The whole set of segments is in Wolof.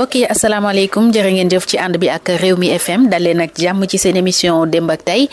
mbokk yi asalaamaaleykum jërë ngeen jëf ci ànd bi ak réew mi FM dalee nag jàmm ci seen émission démb ak tey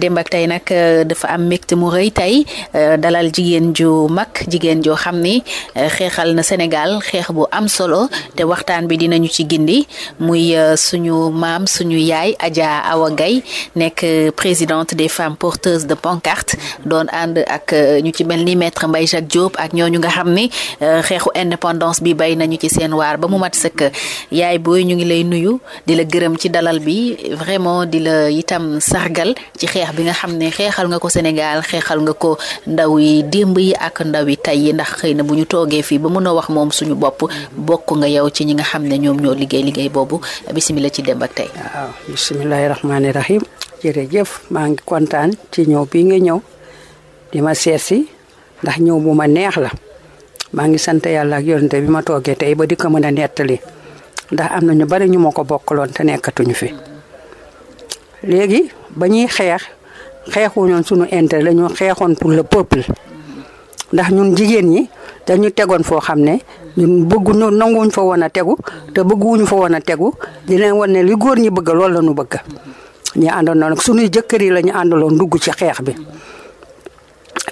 démb tey nag euh, dafa am mbégte mu rëy tey euh, dalal jigéen ju mag jigéen joo xam ni euh, xeexal na Sénégal xeex bu am solo te waxtaan bi dinañu ci gindi muy suñu maam suñu yaay Adja Awa gay nekk présidente des femmes porteuses de pancarte doon ànd ak ñu ci mel ni maître Mbaye Jacques Diop ak ñooñu nga xam ni xeexu indépendance bi bay nañu ci seen waar ba mu mat sëkk yaay booy ñu ngi lay nuyu di la gërëm ci dalal bi vraiment di la itam sargal ci xeex bi nga xam ne xeexal nga ko Sénégal xeexal nga ko ndaw yi démb yi ak ndaw yi tey yi ndax xëy na bu ñu toogee fii ba mën a wax moom suñu bopp bokk nga yow ci ñi nga xam ne ñoom ñoo liggéey liggéey boobu bisimila ci démb ak tey. waaw bisimilahi rahmaani cére jërëjëf maa ngi kontaan ci ñëw bii nga ñëw di ma seet si ndax ñëw bu ma neex la maa ngi sant yàlla ak yonent bi ma toogee tey ba di ko mën a nettali ndax am na ñu bari ñu ma ko bokkuloon te nekkatuñu fi léegi ba ñuy xeex xeexuñoon suñu intérêt la ñu xeexoon pour le peuple ndax ñun jigéen ñi dañu tegoon foo xam ne ñun bëgguñu nanguwuñ fa woon a tegu te bëgguwuñu fa woon a tegu di leen wan ne li góor ñi bëgg lool la ñu bëgg ñu àndoon nag suñuy jëkkër yi la àndaloon dugg ci xeex bi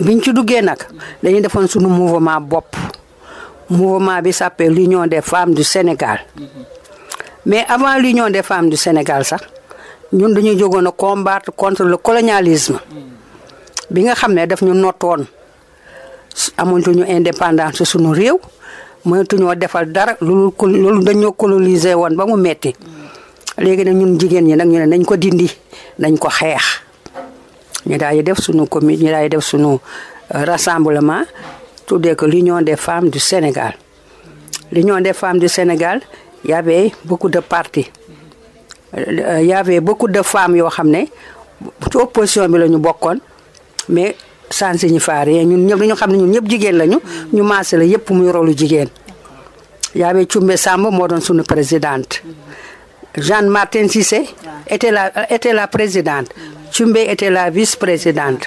biñ ci duggee nag dañuy defoon suñu mouvement bopp. mouvement bi s'appelle l'union des femmes du Sénégal mais avant l'union des femmes du Sénégal sax ñun dañuy jógoon a combattre contre le colonialisme bi nga xam ne daf ñu nottoon amatuñu indépendance suñu réew mënatuñoo defal dara loolu loolu dañoo coloniser woon ba mu metti léegi nag ñun jigéen ñi nag ñu ne nañ ko dindi nañ ko xeex ñu daal def suñu commune ñu daal def suñu euh, rassemblement tuddee ko l'union des femmes du Sénégal l'union des femmes du Sénégal y avait beaucoup de partis euh, y avait beaucoup de femmes yoo xam ne ci bi la ñu bokkoon mais ça ne signifie rien ñun ñëpp dañu xam ne ñu ñëpp jigéen lañu ñu maase la yëpp muy rolu jigéen y avait Thiombé Samba moo doon sunu présidente Jeanne Martin Cissé était la était la présidente Thiombé était la vice-présidente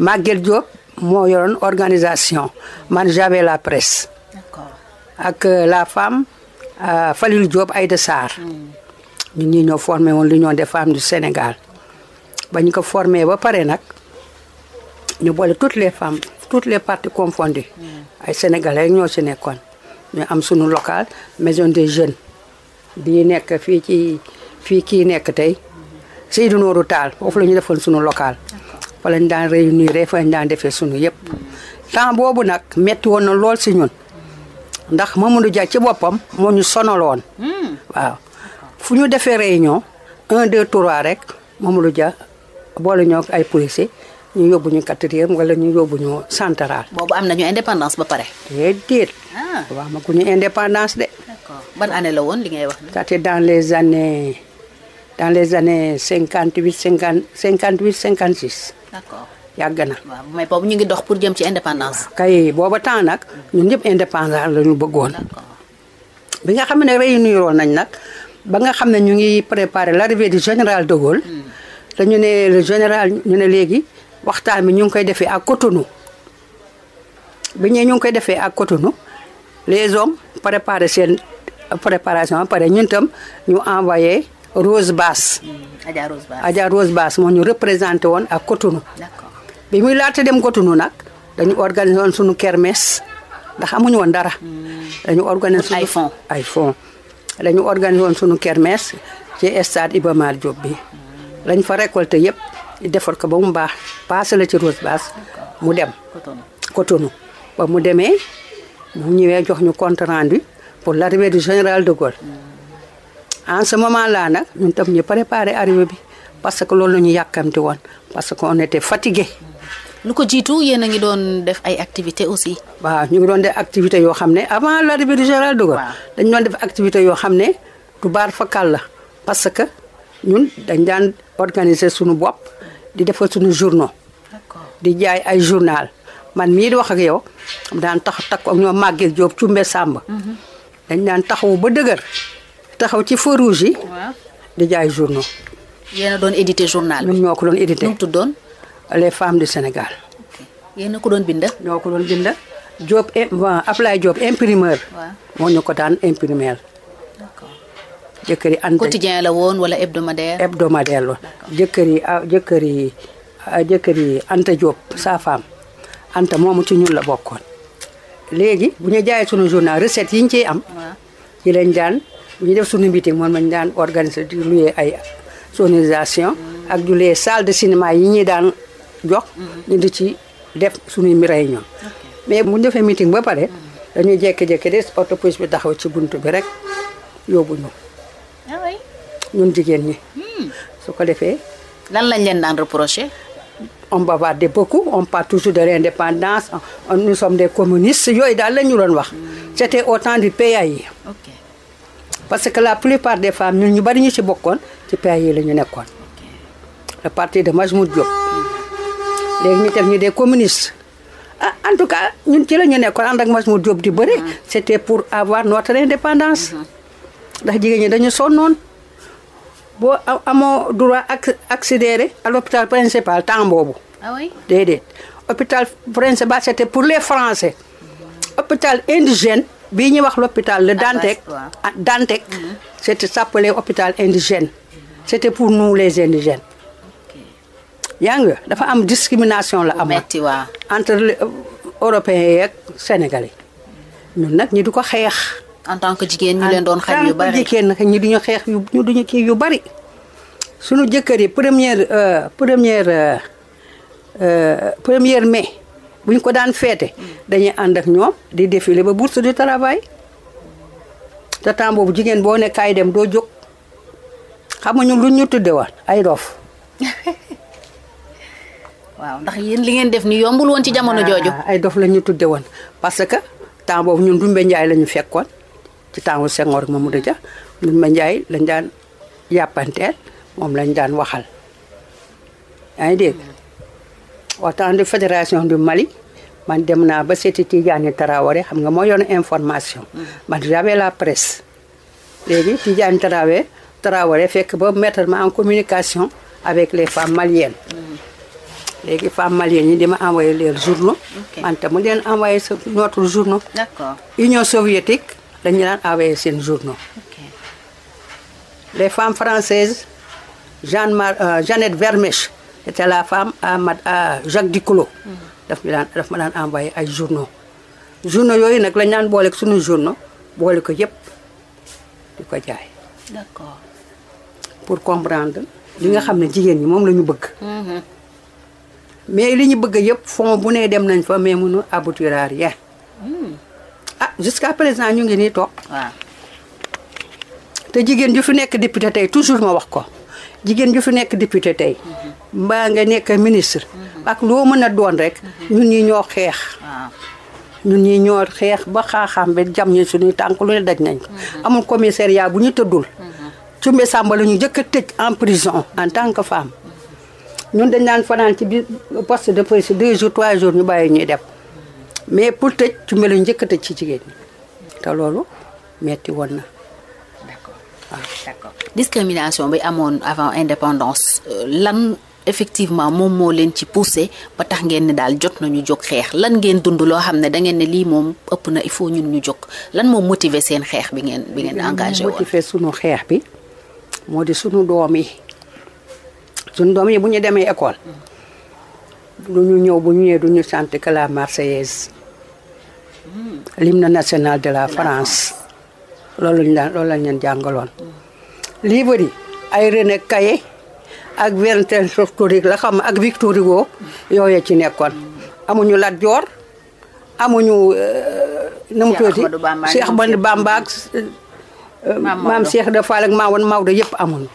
Maguette Diop moo yoroon organisation man j'avais la presse. ak euh, la femme euh, Falil ay Aïda Sarr. Mm. ñun ñii ñoo formé woon l'union des femmes du Sénégal bañ ñu ko formé ba pare nag ñu boole toutes les femmes toutes les parties confondues. Mm. ay sénégal rek ñoo ci nekkoon. ñu am sunu local maison des jeunes di nekk fii ci fii kii nekk tey mm. Seydou Nourou Tall foofu la ñu defoon sunu local. fa lañ daan réunir fa lañ daan defee sunu yëpp temps boobu nag metti woon na lool si ñun ndax ma Mamadou Dia ci boppam moo ñu sonaloon hmm. waaw fu ñu defee réunion un deux trois rek Mamadou Dia boole ñoo ay policier ñu yóbbu ñu quatrième wala ñu yóbbu ñu central. boobu am nañu indépendance ba pare. déedéet. ma ku ñu indépendance de. d'accord ban année la woon li ngay wax. c'était dans les années dans les années cinquante huit cinquante cinquante huit cinquante six. d'accord yàgg na. waaw mais boobu ñu ngi dox pour jëm ci indépendance. kay booba temps nag ñu ñëpp indépendance la ñu bëggoon. bi nga xam ne réunir nañ nag ba nga xam ne ñu ngi préparer l'arrivée du général de Gaulle. Hmm. dañu ne le général ñu ne léegi waxtaan bi ñu ngi koy defee ak Cotonou. bi ñu ngi koy defee ak Cotonou les hommes préparer seen préparation pare ñun tam ñu envoyé. Rose Bass. Adja Rose Bass moo ñu représenté woon ak Cotonou. d'accord bi muy laata dem Cotonou nag dañu organisé woon suñu kermesse ndax amuñu woon dara. Hmm. dañu organisé suñu ay ay fonds dañu organisé woon suñu kermesse ci stade Iba Mar bi hmm. lañ fa récolté yëpp defar ko ba mu baax passé la ci Rose Bass mu dem. Cotonou ba mu demee mu ñëwee jox ñu compte rendu pour la du général de Gaulle. Hmm. en ce moment là nag ñun tam ñu préparé arrivé bi parce que loolu la ñu yàkkamti woon parce que on était fatigué. lu ko jiitu yéen a ngi doon def ay activité aussi. waaw ñu ngi doon def activité yoo xam ne avant l'arrivée du général de Gaulle. dañu doon def activités yoo xam ne du baar fakal la parce que ñun dañ daan organiser suñu bopp di defal suñu journaux. di jaay ay journal man mii di wax ak yow daan tax takk ak ñoom Maguette Diop Cumbe Samba. Mhm. dañ daan taxawu ba dëgër. taxaw ci feu rouge yi. di jaay journaux. yéen a doon édité journal bi. ñun ñoo ko doon édité. nu mu tuddoon. les femmes du Sénégal. yéen a ko doon bind. ñoo ko doon bind. Diop eh, waa Ablaye Diop imprimeur. moo ñu ko daan imprimer. jëkkër yi ànd quotidien la woon wala hebdomadaire. hebdomadaire la jëkkër yi ah jëkkër yi ah, jëkkër yi Anta Diop sa femme Anta moomu ci ñun la bokkoon léegi bu ñu jaayee sunu journal recette yi ñu ciy am. ci lañ daan. ñu def suñu meeting moom lañu daan organiser di louer ay sonorisation ak di louer de cinéma yi ñuy daan jox mhm. ñu di ci def suñu réunion mais bu defee meeting ba pare dañuy jékki-jékki des auto police bi taxaw ci buntu bi rek yóbbu ñu ah ñun jigéen ñi hmm. su ko defee lan lañ leen daan reproché on bavarde beaucoup on parle toujours de l'indépendance nous sommes des communistes yooyu daal la ñu doon wax hmm. c'était au temps du yi parce que la plupart des femmes ñun ñu bari ñu ci bokkoon ci pays yi la ñu nekkoon. le parti de Majmout Diop. léegi ñu def ñu des communistes. a ah, en tout cas ñun ci la ñu nekkoon ànd ak Majmout Diop di bëri. Ah. c' était pour avoir notre indépendance. Ah. ndax jigéen ñi dañu sonnoon. boo amoo droit ak accéder à l'hôpital principal temps boobu. ah oui déedéet hôpital principal c' pour les français. hôpital indigène. bii ñu wax la le Dantec ah, Dantec c'était s'appelait hôpital indigène c'était pour nous les indigènes yaa nga dafa am discrimination la am entre européens yeeg sénégalais ñun nag ñi du ko xeex en tant que jigéen ñu leen doon xañ yu bari jigéen nag ñu duñu xeex yu ñu duñu kii yu bari suñu jëkkër yi première euh, première euh, euh, première mai bu ñu ko daan feete dañuy ànd ak ñoom di défilé ba bourse du travail te tàmboo bu jigéen boo ne kaay dem doo jóg xamuñu lu ñu tudde woon ay dof waaw ndax yéen li ngeen def ni yombul woon ci jamono ah, jooju. ay dof la ñu tudde woon parce que temps boobu ñun Dumbe Njaay la ñu fekkoon ci temps wu Senghor ak Mamadou Dia Dumbe Njaay lañ daan yàppanteel moom lañ daan waxal yaa ngi dégg au temps de fédération du Mali man dem naa ba seeti Tidjane Traoré xam nga moo yoon information. Mm. man j'avais la presse. léegi Tidjane Traoré Traoré fekk ba mettre ma en communication avec les femmes maliennes. Mm. léegi femme maliennes ñi di ma envoyé les journaux. man tam mu leen envoyé sa notre journaux. d'accord Union soviétique dañu daan envoyé seen journaux. les femmes françaises Jeanne Mar euh, Jeannette c'était la femme à ma à Jacques Diculo. Mm-hmm. daf ñu daan ma daan envoyé ay journaux. journaux yooyu nag lañ daan boole suñu journaux boole ko yëpp di ko jaay. pour comprendre. li nga xam ne jigéen ñi moom la ñu bëgg. Mm-hmm. mais li ñu bëgg yëpp fond bu ne dem nañ fa mais mënu aboutir à rien. Mm. ah jusqu'à présent ñu ngi nii toog. te jigéen ju fi nekk député tey toujours ma wax ko jigéen ju fi nekk député tey. Mm-hmm. mbaa nga nekk ministre. Mm-hmm. ak loo mën a doon rek. Mm-hmm. ñun ñi ñoo xeex. ñun ñi ñoo xeex ba xaaxaam ba jam ñu suñuy tànk lu daj nañ ko. Mm-hmm. amul commissariat bu ñu tëddul. Cumbe Samba la ñu njëkk a tëj en prison en tant que femme. ñun dañ daan fanaan ci biir poste de police deux jours trois jours ñu bàyyi ñuy def mais pour tëj Cumbe la ñu njëkk a tëj ci jigéen ñi te loolu metti woon na. d'accord waaw d'accord bi amoon avant indépendance euh, effectivement moom moo leen ci poussé ba tax ngeen ne daal jot nañu jóg xeex lan ngeen dund loo xam ne da ngeen ne lii moom ëpp na i faut ñun ñu jóg lan moom motiver seen xeex bi ngeen bi ngeen engagé woon motiver sunu xeex bi moo di sunu doom yi sunu doom yi bu ñu demee école du ñu ñëw bu ñu ñëwee du ñu sant que la Marseillaise l'hymne national de la France loolu lañ daan loolu lañ leen jàngaloon ay René Caillé ak Vérinthèse Soskorig la xam ak Victor Hugo yooyu ci nekkoon amuñu Lat Joor amuñu eh, na mu tuuti Cheikh Ahmadou Bamba ak eh, maam Cheikh de Fall ak Maodo yëpp amuñu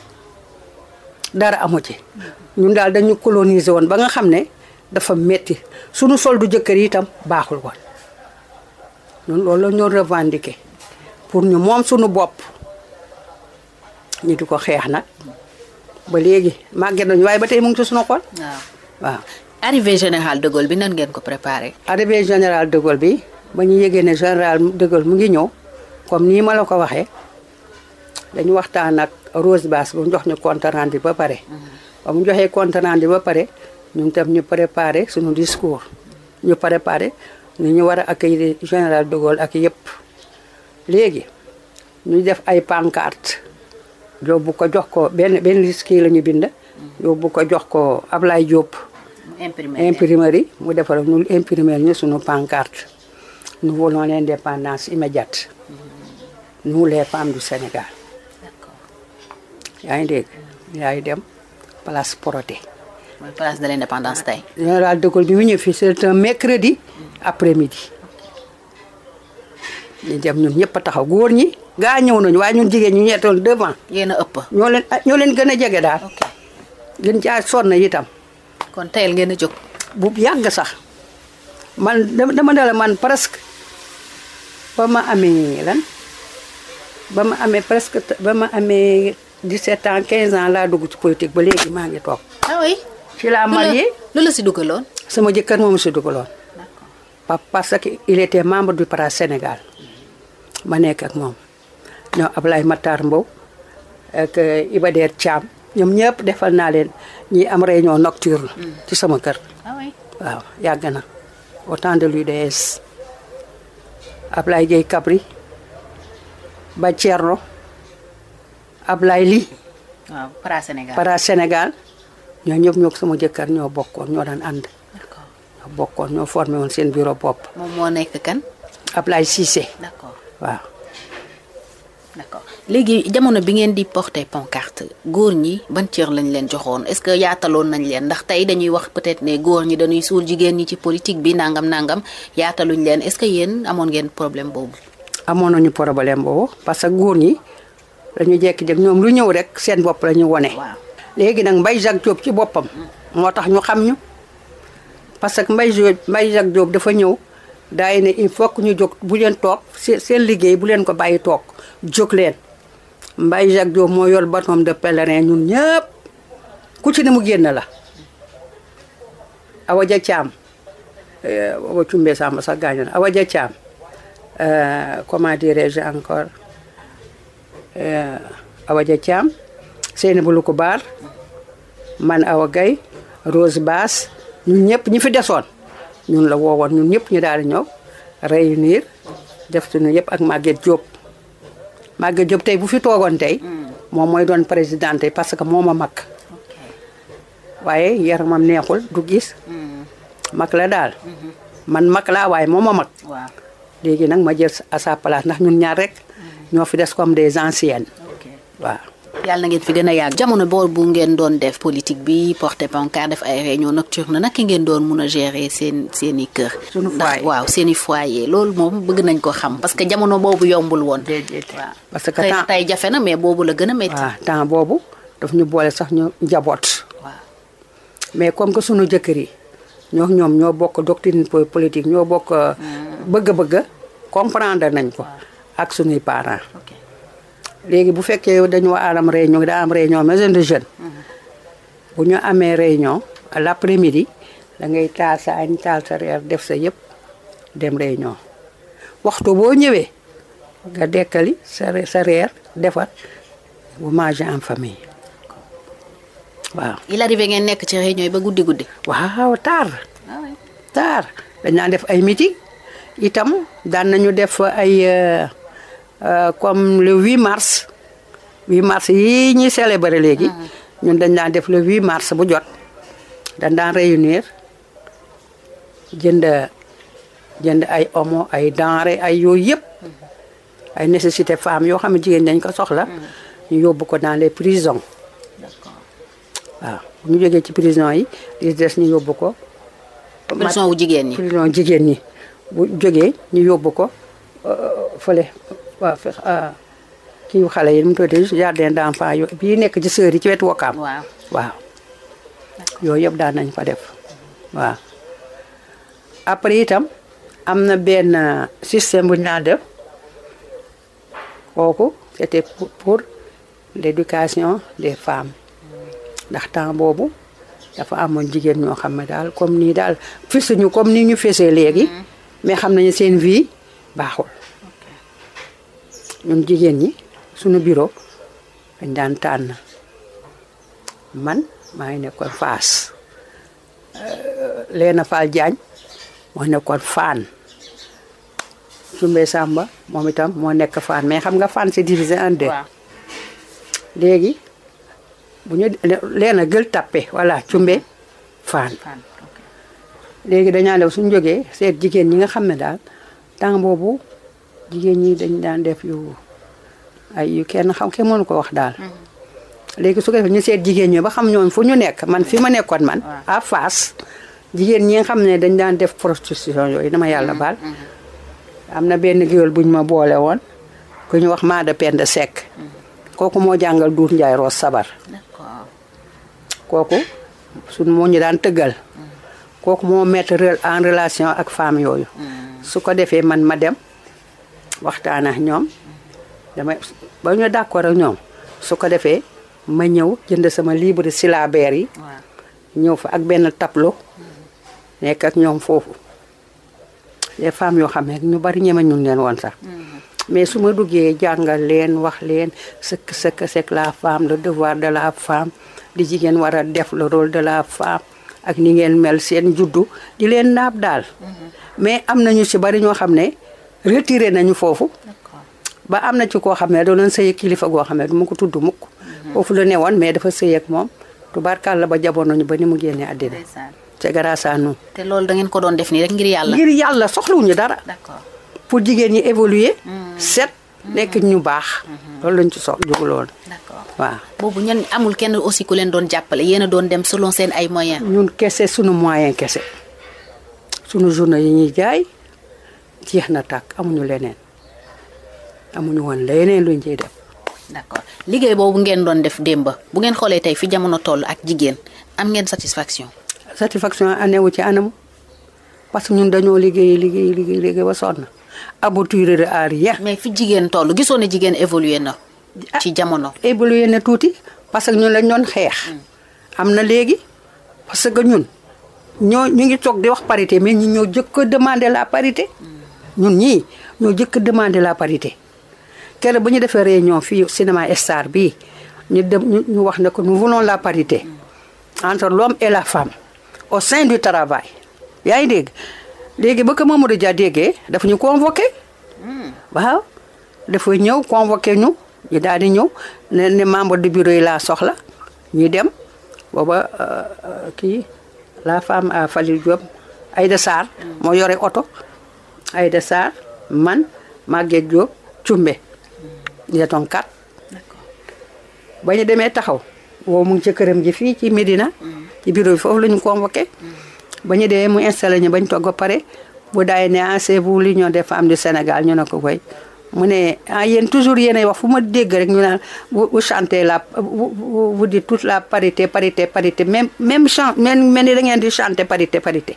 dara amu ci ñun daal dañu coloniser woon ba nga xam ne dafa metti suñu soldu jëkkër yi itam baaxul woon ñun loolu ñoo revendiquer pour ñu moom suñu bopp ñu di ko xeex nag ba léegi màgget nañu waaye ba tey mu ngi ci sunu waaw waaw. général de Gaulle bi nan ngeen ko préparé. arrivée général de bi ba ñu yëgee ne général de mu ngi ñëw comme nii ma la ko waxee dañu waxtaan ak Rose Bass bu jox ñu compte bi ba pare. Mm-hmm. ba mu joxee compte bi ba pare ñun tam ñu préparé sunu discours ñu préparé ni ñu war ak accueillir général de ak yëpp léegi ñu def ay pancarte. bu ko jox ko benn benn kii la ñu bind. yóbbu ko jox ko Ablaye Diop. imprimerie imprimerie mu defaral ñu imprimer ñu suñu pancarte. nous voulons l'indépendance immédiate. nous les femmes du Sénégal. yaa ngi dégg yaa dem place Protet. mooy place de l'indépendance tey. général de bi mu ñëw fii c'est un ñu dem ñun ñëpp a taxaw góor ñi gaa ñëw nañu waaye ñun jigéen ñu ñeetoon devant. yéen a ëpp. ñoo leen ah, leen gën a jege daal. gën caa sonn itam. kon teyel ngeen a jóg. bu yàgg sax man dama ne man presque ba ma amee lan ba ma amee presque ba ma amee 17 ans 15 ans laa dugg ci politique ba léegi maa ngi toog. ah oui. ci laa marié lu la si dugaloon. sama jëkkër moom si dugaloon. d'accord parce que il était membre du PRA Sénégal. ma nekk ak moom ñoo Ablaye Matar Mbow ak eh, Iba Der ñoom ñëpp defal naa leen ñi am réunion nocturne ci sama kër ah waaw yàgg na de lu de l'UDS Ablaye Dieye Kabri ba Thierno Ablaye Ly waaw para Sénégal para ñoo ñëpp ñoo sama jëkkër ñoo bokkoon ñoo daan ànd ñoo bokkoon ñoo formé seen bureau bopp moom moo nekk kan Ablaye Cissé waaw. d'accord léegi jamono bi ngeen di porté porter pancarte góor ñi ban cër lañ leen joxoon est-ce que yaataloon nañ leen ndax tey dañuy wax peut ne góor ñi dañuy suul jigéen ñi ci politique bi nangam nangam yaataluñ leen est-ce que yéen amoon ngeen problème boobu. amoon nañu problème boobu parce que góor ñi dañu jekki jekk ñoom lu ñëw rek seen bopp la ñu wone. léegi nag Mbaye Jacques Diop ci boppam. Mm. moo tax ñu xam ñu parce que Mbaye Mbaye Jacques Diop dafa ñëw. daay ne il faut que ñu jóg bu leen toog seen liggéey bu leen ko bàyyi toog jóg leen Mbaye Jacques Diop moo yor bâton de pèlerin ñun ñëpp ku ci ne mu génn la Awa Dia Thiam euh, Awa Cumbee Samba sax Awa Dia euh, comment dirais-je encore euh, Awa Dia Thiam Seynabou man Awa Rose Bass ñun ñëpp ñi fi desoon ñun la woowoon ñun ñëpp ñu daal di ñëw réunir def suñu yëpp ak Maguette jóob Maguette Diop tey bu fi toogoon tey. Mm. moom mooy doon président tey parce que moo ma mag. waaye yaramam neexul du gis. Mm. mag la daal. Mm-hmm. man mag laa waaye moom ma mag. léegi nag ma jël à sa place ndax ñun ñaar rek. Mm. ñoo fi des comme des anciennes. yàlla ngeen fi gën a yàgg jamono boobu ngeen doon def politique bi porter pancarte def ay réunion nocturne naka ngeen doon mun a gérer seen seen i kër. sunu waaw seen i foyer loolu moom bëgg nañ ko xam parce que jamono boobu yombul woon. déedéet parce que temps tey jafe na mais boobu la gën a métti. waaw temps boobu daf ñu boole sax ñu njaboot. waaw mais comme que sunu jëkkër yi ñoo ñoom ñoo bokk doctrine politique ñoo bokk. Euh, hmm. bëgg-bëgg comprendre nañ ko ak sunuy parents. léegi bu fekkee dañoo am réunion daa am réunion maison de jeune mhm. bu ñu amee réunion l'après midi da ngay taal sa añ taal sa reer def sa yëpp dem réunion waxtu boo ñëwee nga dekkali sa sa reer defar bu manger en famille waaw. il arrivé ngeen nekk ci réunion yi ba guddi guddi. waaw taar. Ah taar dañ daan def ay miti itam daan nañu def ay. Euh, Euh, comme le 8 mars 8 mars yii ñuy célébrer léegi. Ah. ñun dañ daan def le 8 mars bu jot dañ daan réunir jënd jënd ay omo ay denrée ay yooyu yëpp mm-hmm. ay nécessité femmes yoo xam ne jigéen dañ ko soxla. Mm-hmm. ñu yóbbu ko dans les prisons. waaw bu ñu jógee ci prison yi di des ñu yóbbu ko. prison wu jigéen ñi prison jigéen ñi bu jógee ñu yóbbu ko euh, fële waaw fex ah, xale yi mu tuddati jardin d'enfants yu bii nekk ci sœur yi ci wetu Wakaam. waaw waaw. yooyu yëpp daan nañ ko def waaw. après itam am na benn système bu ñu daan def kooku c'était pour l'éducation des femmes ndax temps boobu dafa amoon jigéen ñoo xam ne daal comme nii daal fisuñu comme nii ñu fesee léegi mm-hmm. mais xam nañu seen vie baaxul. ñun jigéen ñi suñu bureau dañ daan tànn man maa ngi nekkoon faas a Fall Diagne moo nekkoon Fann Sumbe sàmba moom itam moo nekk Fann mais xam nga Fann c'est divisé en deux léegi bu ñu leena gël tappe voilà cumbe Fann léegi dañaa dem suñ jógee seet jigéen ñi nga xam ne daal temps boobu jigéen ñi dañ daan def yu ay yu kenn xam kenn mënu ko wax daal. Mm-hmm. léegi su ko defee ñu seet jigéen ñi ba xam ñoom fu ñu nekk man fi ma nekkoon man. à face jigéen ñi nga xam ne dañ daan def prostitution yooyu dama yàlla mm-hmm. baal. Mm-hmm. am na benn géwél buñ ma boole woon ku ñu wax Maada Penda Seck. kooku moo jàngal Duur Njaay Roos Sabar. kooku su moo ñu daan tëggal. kooku moo mettre en relation ak femme yooyu. su ko defee man ma dem. waxtaan ak ñoom dama ba ñu d'accord ak ñoom su ko defee ma ñëw jënd sama livre syllabaire yi. ñëw fa ak benn tableau. nekk ak ñoom foofu. les femmes yoo xam ne ñu bari ñeme ñun leen woon sax. Mm-hmm. mais su ma duggee jàngal leen wax leen ce que ce que c'est que la femme le devoir de la femme di jigéen war a def le rôle de la femme ak ni ngeen mel seen juddu di leen naab daal. Mm-hmm. mais am na ñu ci bari ñoo xam ne. retiré nañu foofu ba am na ci koo xam ne doonoon sëy kilifa goo xam ne du ma ko tudd mukk mhm. foofu la ne woon mais dafa sëy ak moom tubaarkàlla ba jaboon ñu ba ni mu génnee àddina te grâce à te loolu da ko doon def nii rek ngir yàlla ngir yàlla soxlawuñu dara pour jigéen ñi évoluer mhm. set mhm. nekk ñu baax loolu lañ ci sox jógu loolu waaw boobu ñen amul kenn aussi ku leen doon jàppale yéen a doon dem selon seen ay moyen ñun kese sunu moyen kese sunu journée yi ñuy jaay jeex na tàkk amuñu leneen amuñu woon leneen luñ ciy def. d'accord liggéey boobu ngeen doon def démb bu ngeen xoolee tey fi jamono toll ak jigéen am ngeen satisfaction. satisfaction anewu ci anam parce que ñun dañoo liggéey liggéey liggéey liggéey ba sonn abouture de arrière. mais fi jigéen toll gisoo ne jigéen évolué na. Ah, ci jamono évolué na tuuti parce que ñun lañ doon xeex. Hmm. am na léegi parce que ñun ñu ngi toog di wax parité mais ñi ñoo jëkk demandé la parité. Hmm. ñun ñi ñu jëkk demandé la parité kere bu ñu defee réunion fii cinéma star bii ñu dem ñu wax ne ko nous voulons la parité entre l'homme et la femme o sein du travail yaa ngi dégg léegi ba ko Mamadou Dia déggee dafa ñu convoqué hmm. waaw dafa ñëw convoqué ñu ñu daal di ñëw ne ne membre du bureau laa soxla ñu dem booba euh, euh, kii la femme à euh, Falil Diop Aïda Sarr hmm. moo yore oto Aïda Sarr man Maguette Diop Cumbe ñu doon kat ba ñu demee taxaw woo mu ngi këram ji fii ci Médina mm. ci bureau bi foofu la ñu convoqué mm. ba ñu demee mu installé ñu bañ togg ba pare bu daay ne ah c'est vous de des femmes du Sénégal ñu ne ko koy mu ne ah yéen toujours ay wax fu ma dégg rek ñu ne vous chantez la vous dites toute la parité parité parité même même chant même mel ni da ngeen di chanter parité parité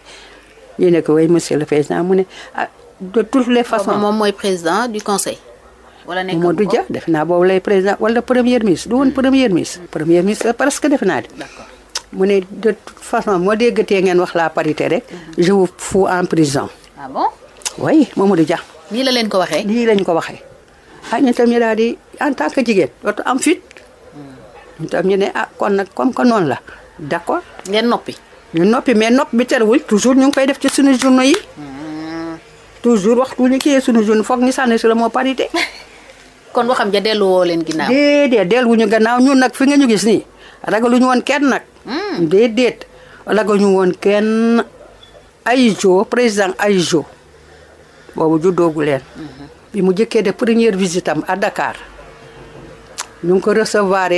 ñu ne ko way monsieur le président mu ne ah de toutes les façons moom mooy président du conseil. wala nekk Mamadou Dia def naa boobu lay président wala premier ministre du woon hmm. premier ministre. premier ministre que defe naa de. mu ne de toute façon moo déggatee ngeen wax la parité rek. Hmm. je vous fous en prison. ah bon. oui Mamadou Dia. nii la leen ko waxee. nii lañ ko waxee. ah ñu tam ñu daal di en tant que jigéen dootu am fit. Hmm. ñu ñu ne a ah, kon nag comme que noonu la d' accord. ngeen noppi. ñu noppi mais nopp bi terewul toujours ñu ngi koy def ci suñu journaux yi. toujours waxtu ñu kii suñu jeune foog ñi sànni si la moo parité. kon waxam ja dellu woo leen ginnaaw. déedéet delluwuñu gannaaw ñun nag fi nga ñu gis ni ragaluñu woon kenn nag. Hmm. déedéet ragaluñu woon kenn ay jo président ay jo boobu juddoogu leen. Hmm. bi mu jëkkee de première visitam am à Dakar ñu ngi ko recevoir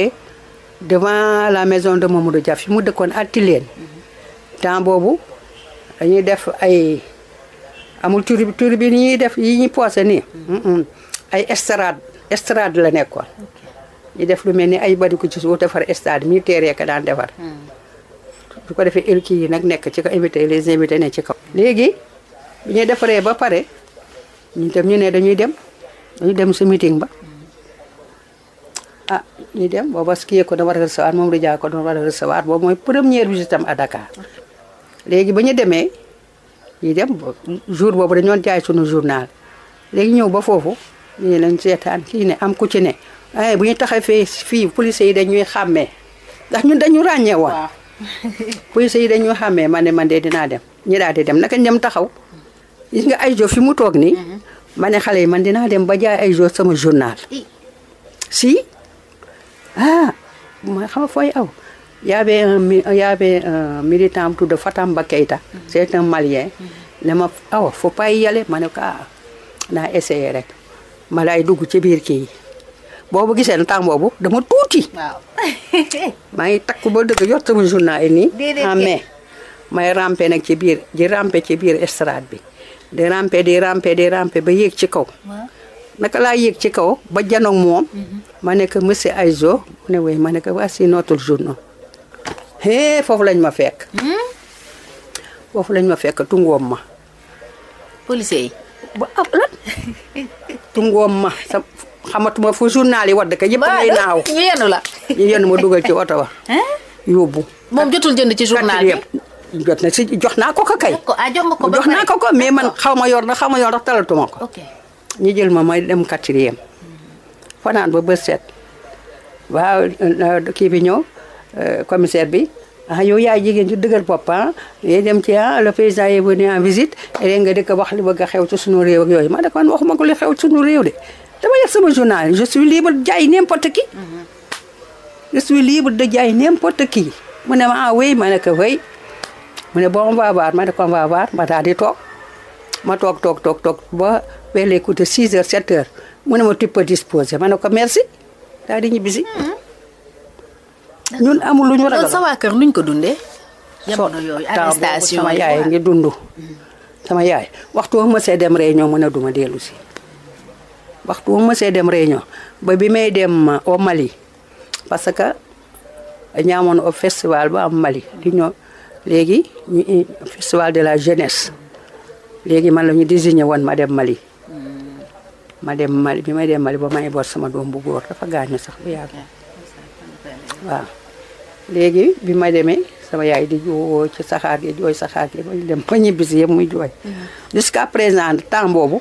devant la maison de Mamadou Dia fi mu dëkkoon attileen hmm. temps boobu dañuy def ay. amul turi turi bi ñuy def yi ñu poosé nii ay estrade estrade la nekkoon ñu def lu mel ni ay bariku ci suuf defar stade militaire yeek daan defar su ko defee élu yi nag nekk ci ko invité les ne ci kaw léegi bi ñu defaree ba pare ñu tam ñu ne dañuy dem dañuy dem si meeting ba ah ñu dem booba kii ko na war a recevoir moom Rijaa ko da war a recevoir boobu mooy première visite am à Dakar léegi ba demee ñu dem jour boobu dañoon jaay sunu journal léegi ñëw ba foofu ñu nañ seetaan kii ne am ku ci ne ay eh, bu ñu taxee fee fii police yi dañ ñuy xàmmee ndax ñun dañu ràññee woon police yi dañuy xàmmee man ne man de dinaa dem ñu daal di dem nag ñu dem taxaw gis nga ay jo fi mu toog nii mm-hmm. ma ne xale yi man dinaa dem ba jaay ay jo sama journal si ah ma xam fooy aw Il y avait un, il y avait un militant tout de Fatamba Keita, mm-hmm. c'est un Malien. Mm-hmm. ne ma awa oh, faut pas y ma ne ko ah, naa essayé rek ma laay dugg ci biir kii boobu gisee na temps boobu dama tuuti. waaw maa ngi takk ba dëgg yor sama journal yi nii. déedéet ah, may rampe nag ci biir di rampe ci biir estrade bi di rampe di rampe di rampe ba yéeg ci kaw. naka laa yéeg ci kaw ba janoog moom. Mm-hmm. ma ne ay monsieur Aizo ne wey ma ne ko voici notre journal. hee foofu lañ ma fekk. Hmm? lañ ma fekk tungoom ma. policier yi. ba ab ah, tungoom ma xamatuma fu journal yi wadd ka yëpp lay naaw. ñu yenn la. ñu yenn ma dugal ci oto wa yóbbu. moom jotul jënd ci journal bi jot na jox naa ko ko kay. jox ah, naa ko ko mais man xaw ma yor na xaw ma yor ndax talatuma ko. ñi jël ma may dem quatrième. fanaan ba bës set waaw euh, euh, kii bi ñëw Euh, commissaire bi ah yow yaay jigéen ju dëgër bopp ah yéen dem ci ah le président est venu en visite léegi nga dëkk wax li bëgg a xew ci sunu réew ak yooyu ma ne ko man waxuma ko li xew ci sunu réew de dama yegg sama journal je suis libre de jaay n'importe qui. Mm-hmm. je suis libre de jaay n'importe qui mu ne ma ah oui ma ne ko oui mu ne bon on va voir ma ne ko on va voir ma daal di toog ma toog toog toog toog ba vers les coups de 6 heures 7 heures mu ne ma tu peux disposer ma ne ko merci daal di ñibbisi. Mm-hmm. ñun amul lu ñu ragal sa waa kër nuñ ko dundee. jamono yooyu arrestation sama yaay ngi dund. sama yaay waxtu woo ma see dem réunion mu ma duma dellu si waxtu woo see dem réunion ba bi may dem au Mali parce que ñaamoon o festival ba am Mali di ñoo léegi ñu festival de la jeunesse léegi man la ñu désigné woon ma dem Mali. ma dem Mali bi may dem Mali ba may boot sama doom bu góor dafa gaañu sax bu waaw léegi bi ma demee sama yaay di jooy ci saxaar gi jooy saxaar gi ba ñibbisi yëpp muy jooy. Mm-hmm. jusqu'à présent temps boobu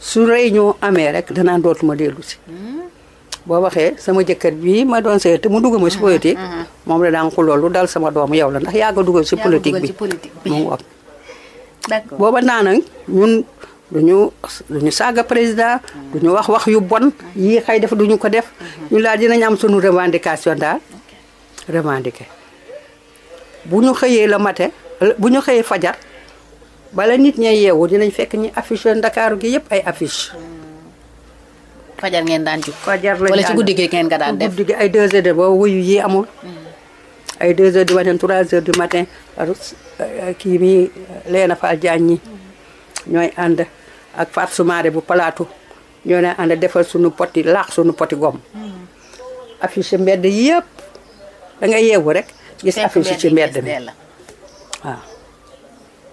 su réunion amee rek danaa dootuma dellu si. Mm-hmm. waxee sama jëkkër bii ma doon seet te mu ma si mm-hmm. politique. moom la daan loolu dal sama doomu yow la ndax yaa nga duggal si politique bi mu ngoog. d'accord booba naa nag ñun duñu saaga président. duñu wax wax yu bon. yii xay def duñu ko def. ñu laa dinañ am sunu revendication daal. revendiquer bu ñu xëyee la matin bu ñu xëyee fajar bala nit ña yeewu dinañ fekk ñi affiche ndakaaru gi yëpp ay affiche fajar ngeen daan jug. fajar lañ wala ci guddi daan def guddi ay 2 heures de boobu wuyu yi amul. Hmm. ay 2 heures du matin 3 heures du matin euh, kii mi euh, Léna Fall Diagne ñi hmm. ñooy ànd ak Fatou Soumaré bu Plateau ñoo ne ànd defal suñu poti laax suñu poti gom. Hmm. affiche mbedd yëpp. da nga yeewu rek gis affiche yi ci mbedd mi waaw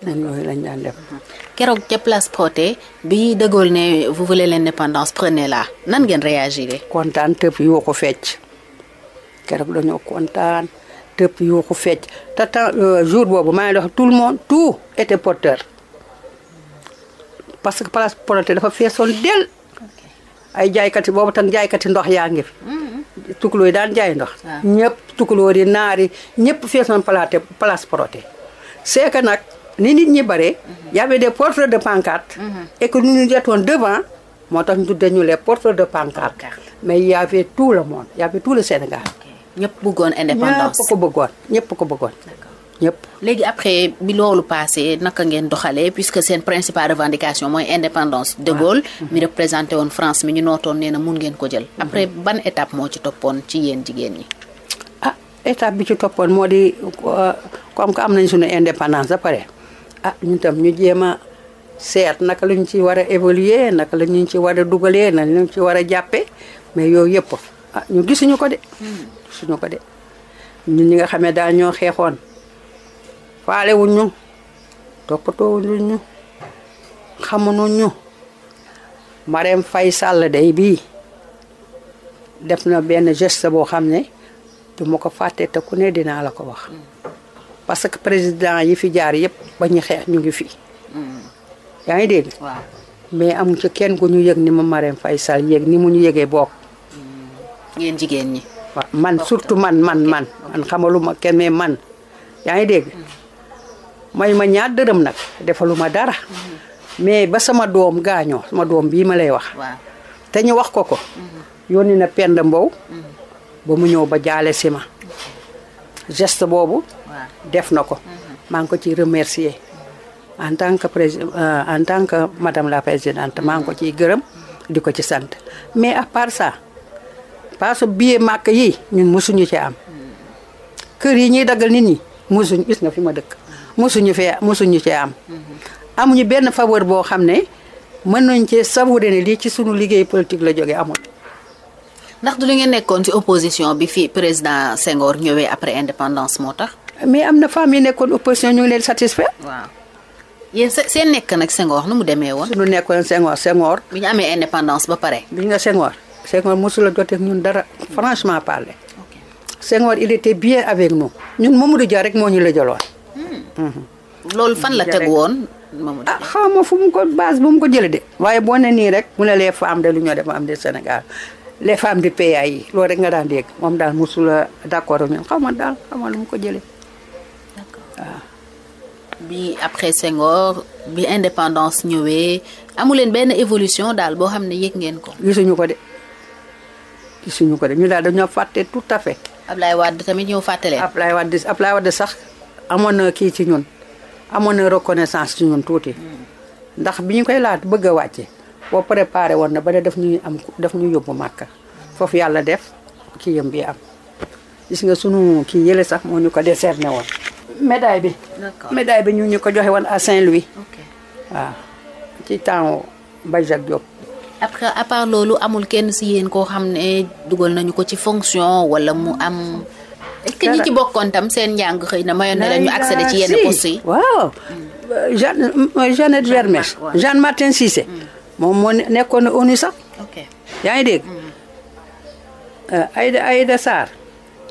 nan yooyu lañ daan def mhm. keroog ca place Protet bi De Gaulle ne vous voulez l'indépendance prenez-la nan ngeen réagir kontaan tëpp yoo ko fecc keroog dañoo kontaan tëpp yoo ko fecc te temps euh, jour boobu maa ngi dox tout le monde tout était porteur parce que place Protet dafa feesoon del ay jaaykati boobu tam jaaykati ndox yaa ngi fi mhm. tukuloo yi daan jaay ndox. ñëpp tukuloo di naari ñëpp fees nañ place place Protet. que nag ni nit ñi bare. Mhm. y de des de pancarte. Mhm. et que nous nous moo tax ñu tuddee ñu les porteurs de pancarte. mais y avait le monde y avait le Sénégal. ñëpp ñëpp léegi après bi loolu passé naka ngeen doxalee que seen principal revendication mooy indépendance de Gaulle mhm. mi représenté woon France mi ñu nootoon nee mun ngeen ko jël mhm. après ban étape moo ci toppoon ci yéen jigéen ñi ah étape bi ci toppoon moo di euh, comme que am nañ suñu indépendance ba pare ah ñu tam ñu jéem a seet naka lañ ci war a évoluer naka la ñu ci war a dugalee naka lañ ci war a jàppee mais yooyu yëpp ah ñu gisuñu ko de mhm. gisuñu ko ñun ñi nga xam daal ñoo xeexoon faale wuñ ñu toppatoo wuñ ñu xamuñu ñu Marème Faye Sall day bii def na benn geste boo xam ne du ma ko fàtte te ne dinaa la ko wax mm. parce que président yi fi jaar yëpp ba ñu xeex ñu ngi fi. Mm. yaa ngi dégg. waaw mais amu ci kenn ku ñu yëg ni mu Marème fay Sall yëg ni mu ñu yëgee bokk. Mm. jigéen ñi. man surtout man man man man ma kenn mais man yaa ngi dégg. may ma ñaar dërëm nag defaluma dara mais ba sama doom gaañoo sama doom bii ma lay wax te ñu wax ko ko yónni na Penda Mbow ba mu ñëw ba jaale si ma geste boobu def na ko maa ngi ko ci remercier en tant que président euh, en tant que madame la présidente maa ngi ko ciy gërëm di ko ci sant mais à part ça parce que billet màkk yi ñun mosuñu ci am kër yi ñuy daggal nit ñi mosuñ gis nga fi ma dëkk mosuñu fee mosuñu cee am. amuñu benn faveur boo xam ne mën nañ cee savourer ne lii ci sunu liggéey politique la jóge amul. ndax li ngeen nekkoon ci opposition bi fii président Senghor ñëwee après indépendance moo tax. mais am na femmes yi nekkoon opposition ñu ngi leen satisfaire. waaw seen nekk nag Senghor nu mu demee woon. suñu nekkoon Senghor Senghor. bi ñu amee indépendance ba pare. bi nga Senghor Senghor mosula joteeg ñun dara franchement parler. Senghor il était bien avec nous ñun Mamadou Dia rek moo ñu la jëloon. Mm-hmm. loolu fan la teg woon. ah xaw ma fu mu ko base bu mu ko jëlee de. waaye boo ne nii rek mu ne les femmes de lu ñoo des femmes du Sénégal les femmes du PAI yi loolu rek nga daan dégg moom daal mosula d'accord ñun xaw ma daal xaw lu mu ko jëlee waaw. bi après Senghor bi indépendance ñëwee amu leen benn évolution daal boo xam ne yëg ngeen ko. gisuñu ko de gisuñu ko de ñu daal dañoo fàtte tout à fait. Ablaye Wade tamit ñëw fàttale. Ablaye Wade Ablaye Wade sax. amoon na kii ci ñun amoon na reconnaissance ci ñun tuuti ndax bi ñu koy laat bëgg a wàcce boo préparé woon na ba ne daf ñuy am daf ñu yóbbu màkka foofu yàlla def kii yam bi am gis nga sunu kii yële sax moo ñu ko décerné woon médaille bi médaille bi ñu ñu ko joxe woon à Saint-Louis waaw ci temps Bajak Diop après à loolu amul kenn si yéen koo xam ne dugal nañu ko ci fonction wala mu am te ñi ci bokkoon tam seen njàng xëy na mayoon na ñu accédé ci yenn postes yi waaw Jeanne euh, Jeannette Vermès Jeanne Martin Cissé mm. moom moo nekkoon na ONU sax yaa ngi dégg mm. euh, Aïda Aïda Sarr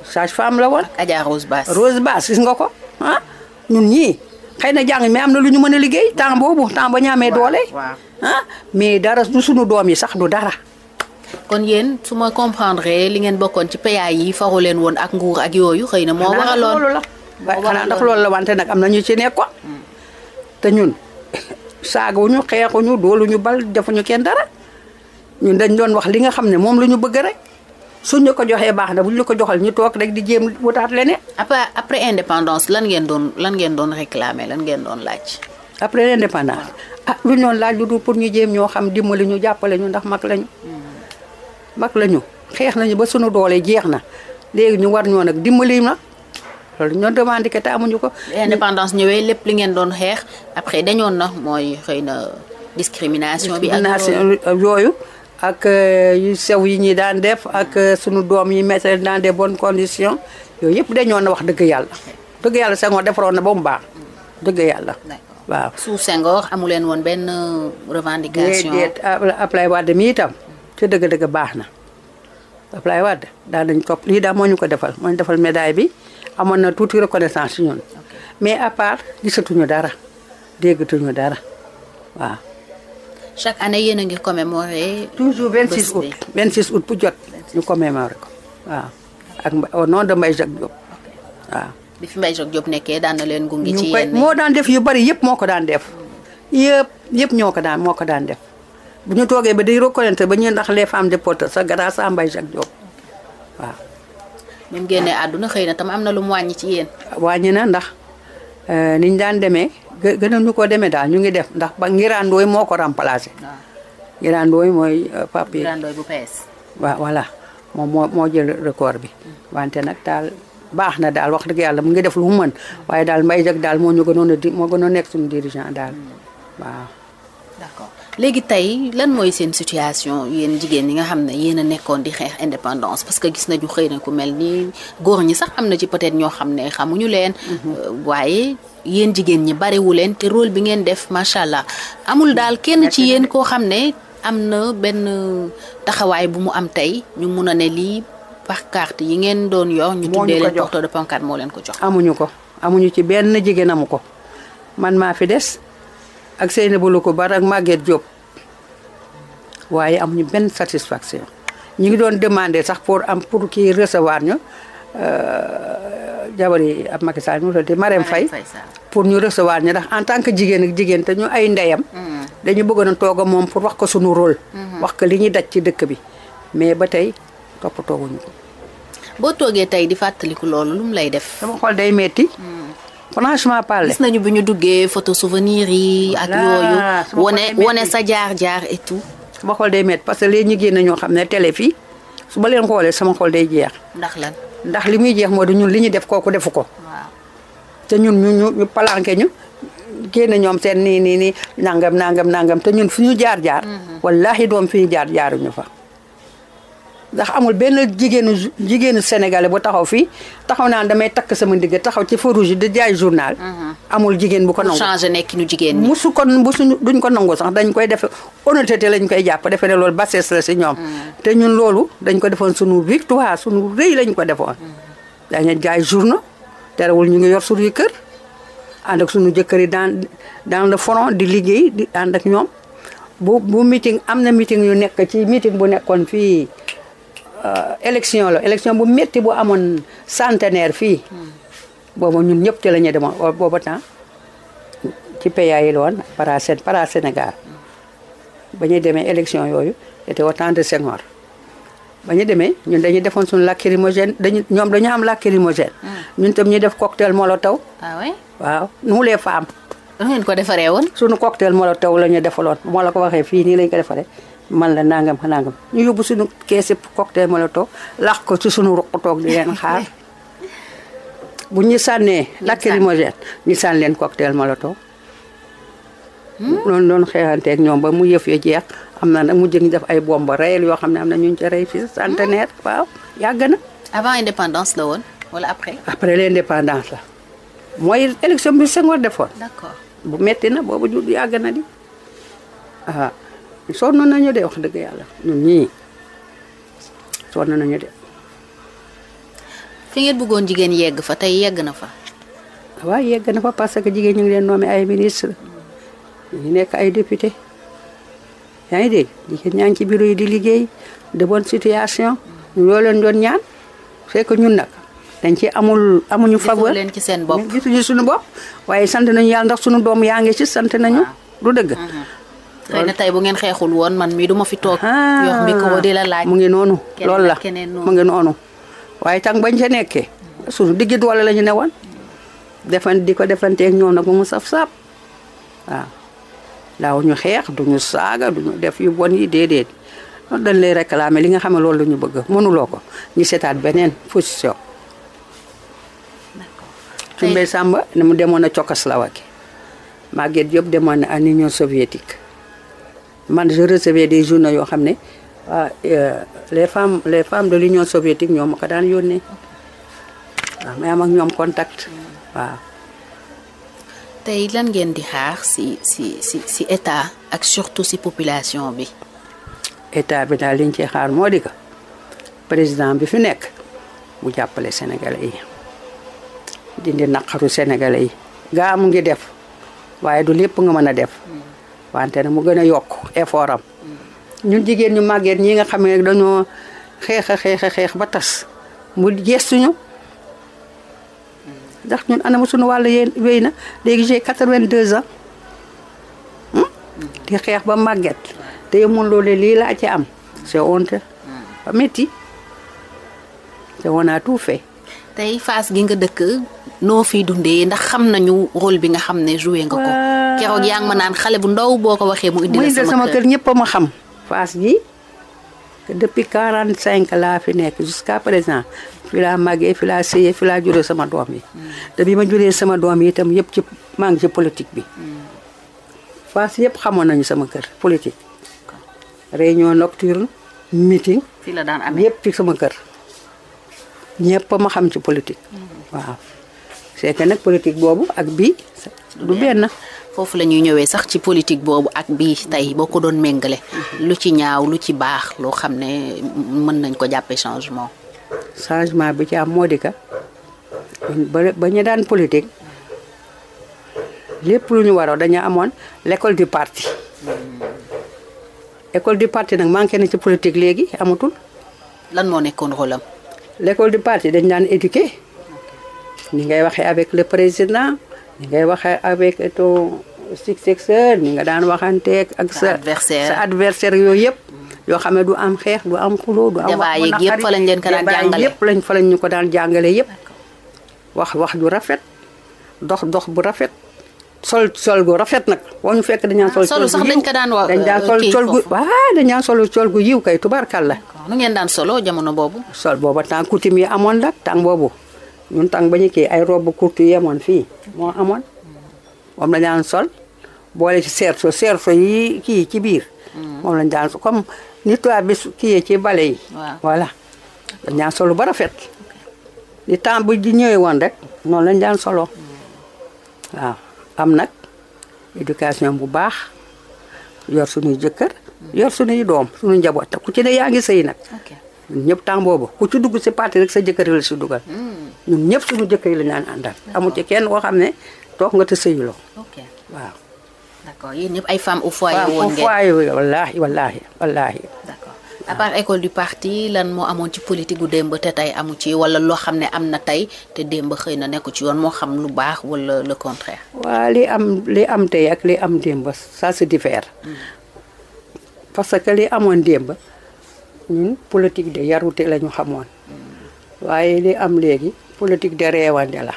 sage-femme la woon Adja Rose Bass Rose nga ko ah ñun ñii xëy na jàng mais am na lu ñu mën a liggéey temps boobu temps ba ñaamee doole ah mais dara du suñu doom yi sax du dara kon yéen su ma comprendre li ngeen bokkoon ci péage yi faru leen woon ak nguur ak yooyu xëy na moom waraloon la xanaa ndax loolu la wante nag am na ñu ci nekkoon hmm. te ñun saagawuñu xeexuñu dooluñu bal defuñu kenn dara ñun dañ doon wax li nga xam ne moom la ñu bëgg rek suñ la ko joxee baax na buñ la ko joxal ñu toog rek di jéem wutaat leneen. après après indépendance lan ngeen doon lan ngeen doon réclamer lan ngeen doon laaj. après indépendance hmm. ah lu ñu laaj lu dul pour ñu ñoo xam dimbali ñu jàppale ñu ndax mag lañu. Hmm. mag lañu xeex nañu ba sunu doole jeex na léegi ñu war ñoo nag dimbali ma loolu ñoo revendiqué te amuñu ko. indépendance ñëwee lépp li ngeen doon xeex après dañoon na mooy xëy na discrimination bi. ak yooyu. ak euh, yu sew yi ñuy daan def ak euh, sunu doom yi mettre dans des bonnes condition yooyu yëpp dañoon na wax dëgg yàlla dëgg yàlla Senghor defaroon na ba mu baax dëgg yàlla. waaw sous Senghor amu leen woon benn revendication. déedéet Ablaye Wade mi itam. ca dëgg-dëgg baax na Abdoulaye Wade daan nañ ko lii daal moo ñu ko defal moo ñu defal médaille bi amoon na tuuti reconnaissance ñun mais à part gisatuñu dara déggatuñu dara waaw. chaque année yéen a ngi commémorer. toujours 26 août 26 août bu jot ñu commémorer ko waaw ak au noon de Mbaye Jacques Diop waaw. bi fi Mbaye Jacques Diop nekkee daan na leen gunge. ci yenn moo daan def yu bari yëpp moo ko daan def. yëpp yëpp ñoo ko daan moo ko daan def. bu ñu toogee ba day reconnaître ba ñu ndax les femmes déportées sa grâce à Mbaye Jacques Diop waaw. bi génnee àdduna xëy na tam am na lu mu wàññi ci yéen. wàññi na ndax euh, ni ñu daan demee gënoon nu ko demee daal ñu ngi def ndax ba ngirandooy moo ko remplacé. waaw ah. ngirandooy mooy euh, papier. ngirandooy bu PS. waaw voilà moom moo moo jël record bi wante nag daal. baax na daal wax dëgg yàlla mu ngi def lu mu mën waaye daal mbay Jacques daal moo ñu gënoon a di moo gënoon nekk suñu dirigeant daal hmm. waaw léegi tey lan mooy seen situation yéen jigéen ñi nga xam ne yéen a nekkoon di xeex indépendance parce que gis nañu xëy na ku mel nii góor ñi sax am na ci peut-être ñoo xam ne xamuñu leen. Mhm. Euh, waaye yéen jigéen ñi bariwu leen te rôle bi ngeen def macha allah amul daal kenn ci yéen koo xam ne am na benn taxawaay bu mu am tey ñu mun a ne lii par carte yi ngeen doon yor. ñu tuddee leen porteur moo leen ko jox. amuñu ko amuñu ci benn jigéen amu ko man maa fi des. ak Seynabou Lokobar ak Maguette Diop waaye amuñu benn satisfaction ñu ngi doon demandé sax pour am pour kii recevoir ñu euh, jabari ab Macky Sall ñu te Marème Faye pour ñu recevoir ñu ndax en tant que jigéen ak jigéen te ñu ay ndeyam mm. dañu bëggoon a toog moom pour wax ko suñu rôle mm-hmm. wax ko li ñuy daj ci dëkk bi mais ba tey toppatoowuñu ko boo toogee tey di fàttaliku loolu lu mu lay def sama xol day metti mm. franchement parler. gis nañu bu ñu duggee photo souvenir yi. ak yooyu wane wane sa jaar jaar et sama xol day métti parce que léegi ñu génn ñoo xam ne télé fii su ba leen xoolee sama xol day jeex. ndax lan ndax li muy jeex moo di ñun li ñu def kooku defu ko. te ñun ñu ñu ñu palanke ñu génn ñoom seen nii nii nii nangam nangam nangam te ñun fu ñu jaar jaar. Mhm. wallaahi doom fi ñu jaar jaaruñu fa. ndax amul benn jigéenu jigéenu sénégalais bu taxaw fii taxaw naan damay takk sama ndigg taxaw ci feu rouge di jaay journal. Uh-huh. amul jigéen bu ko nangu. changer nekkinu jigéen ñi. musu kon musu duñ ko nangu sax dañ koy def honnêteté lañ koy jàpp defe ne loolu bassesse la si ñoom. Uh-huh. te ñun loolu dañ ko defoon sunu victoire sunu rëy lañ ko defoon. Uh-huh. dañu jaay journal terewul ñu ngi yor suñuy kër ànd ak sunu jëkkër yi dans dans le front di liggéey di ànd ak ñoom bu bu meeting am na meeting yu nekk ci meeting bu nekkoon fii. Euh, élection la élection bu métti bu amoon centenaire fii boobu ñun ñëpp ci la ñu demoon booba temps ci PA yi la woon para para Sénégal ba ñuy demee élection yooyu c'était au de Senghor ba ñu demee ñun dañuy defoon suñu lacrymogène dañu ñoom dañu am lacrymogène ah. ñun tam ñuy def cocktail molotov ah waaw nous les femmes. ngeen ko defaree woon. suñu cocktail molotov la ñu defaloon moo la ko waxee fii nii lañ ko defaree. man la nangam xa nangam ñu yóbbu suñu kees yëpp cocktail molotov laax ko ci suñu ruq toog di leen xaar bu ñu sànnee lacrymogène ñu sànn leen cocktail molotov loolu doon xeexanteeg ñoom ba mu yëf ya jeex am na nag mu jëg ñu def ay bomb reyel yoo xam ne am na ñu ci rey fii centenaire hmm. waaw yàgg na avant indépendance la woon wala après après l'indépendance la mooy élection bi Senghor defoon bu metti na boobu ñu yàgg di ah. sonn nañu de wax dëgg yàlla ñun ñii sonn nañu de. fi ngeen bëggoon jigéen yegg fa tey yegg na fa. waaw yegg na fa parce que jigéen ñu ngi leen noome ay ministre ñu nekk ay député yaa ngi dégg jigéen ñaa ngi ci bureau yi di liggéey de bonne situation ñoo leen doon ñaan c'est que ñun nag dañ ci amul amuñu faveur leen ci seen bopp gisuñu suñu bopp waaye sant nañu yàlla ndax suñu doom yaa ngi ci sant nañu du dëgg xëy na tey bu ngeen xeexul woon man mii du ma fi toog. yox mu ngi noonu loolu la mu ngi noonu. waaye tam bañ ca nekkee suñu diggi doole la ñu ne woon defan di ko defanteeg ñoom nag mu saf saab waaw daaw ñu xeex duñu saaga duñu def yu won yi déedéet dañ lay réclamer li nga xam ne loolu la bëgg mënuloo ko ñu seetaat beneen position. Cumbé Samba mu demoon a Cokaslawaki Maguette Diop demoon na à l'Union soviétique man je recevais des journaux yoo xam ne ah euh, les femmes les femmes de l'Union soviétique ñoo ma ko daan yónnee waaw am ak ñoom contact waaw. tey lan ngeen di xaar si si si si état ak surtout si population bi. état bi daal liñ ci xaar moo di ko président bi fi nekk mu jàppale sénégalais yi dindi naqaru sénégalais yi gaa mu ngi def waaye du lépp nga mën a def. wante nag mu gën a yokk effort am ñun jigéen ñu màgget ñi nga xam ne dañoo xeex a xeex a xeex ba tas mu gestuñu ndax ñu anam suñu wàllu yéen wéy na léegi j'ai quatre-vingt-deux ans hmm? di xeex ba màgget te mun loolu lii laa ci am c'est honte ba métti te on a tout fait tey Fass gi nga dëkk noo fiy dundee ndax xam nañu rôle bi nga xam ne joué nga ko. keroog yaa ngi ma naan xale bu ndaw boo ko waxee. mu indil sama kër ñëpp a ma xam. Fass gi depuis quarante cinq laa fi nekk jusqu'à présent fi laa màggee fi laa sëyee juree sama doom yi. Hmm. te bi ma juree sama doom yi itam yëpp ci maa ngi ci politique bi. Hmm. Fass yëpp xamoon nañu sama kër politique. réunion nocturne meeting. fi la daan am yëpp ci sama kër. ñëpp ma xam ci politique. waaw c'est que nag politique boobu ak bii du benn. foofu la ñuy ñëwee sax ci politique boobu ak bii tey boo ko doon méngale. Mhm. lu ci ñaaw lu ci baax loo xam ne mën nañ ko jàppee changement. changement bi ci am moo di ka ba ñu daan politique lépp lu ñu waroo dañu amoon l'école du parti. Mhm. école du parti nag manqué na ci politique léegi amatul. lan moo nekkoon rôle l'école du parti dañ daan éduquer ni ngay waxee avec le président ni ngay waxee avec ton successeur ni nga daan waxanteek ak sa sa adversaire yooyu yëpp yoo xam ne du am xeex du am xuloo du am wax yëpp fa lañ leen ko daan jàngale yëpp lañ fa lañ ñu ko daan jàngale yëpp wax wax ju rafet dox dox bu rafet sol sol gu rafet nag woo ñu fekk dañu daan. Ah, sol sax dañ ko daan wa dañ daan euh, sol sol gu waaw dañ daan sol sol gu yiw kay tubaarkàlla. Ah, nu ngeen daan solo jamono boobu. sol boobu temps coutume yi amoon nag temps boobu ñun temps ba ñu kii ay robe courte yi amoon fii moo amoon moom la sol boole ci cerceau cerceau yi kii ci biir. Hmm. moom lañ daan comme ni tubaab bi kii ci bale yi. waaw daan solo ba rafet. di temps bu ji ñëwee woon rek noonu lañ daan solo hmm. waaw. am nag éducation bu baax yor sunuy jëkkër yor sunuy doom suñu njaboot te ku ci ne yaa ngi sëy nag ñun ñëpp temps boobu ku ci dugg si parti rek sa jëkkër la si dugal hmm. ñun ñëpp suñu jëkkër yi la ñaan àndal amu ci kenn koo xam ne toog nga te sëyuloo waaw d'accord yéen ñëpp ay femmes à part école du parti lan moo amoon ci politique bu démb te tey amu ci wala loo xam ne am na tey te démb xëy na nekku ci yoon moo xam lu baax wala le contraire. waa li am li am tey ak li am démb ça se diffère. parce que li amoon démb ñun politique de yarute la ñu xamoon waaye li am léegi politique de réewande la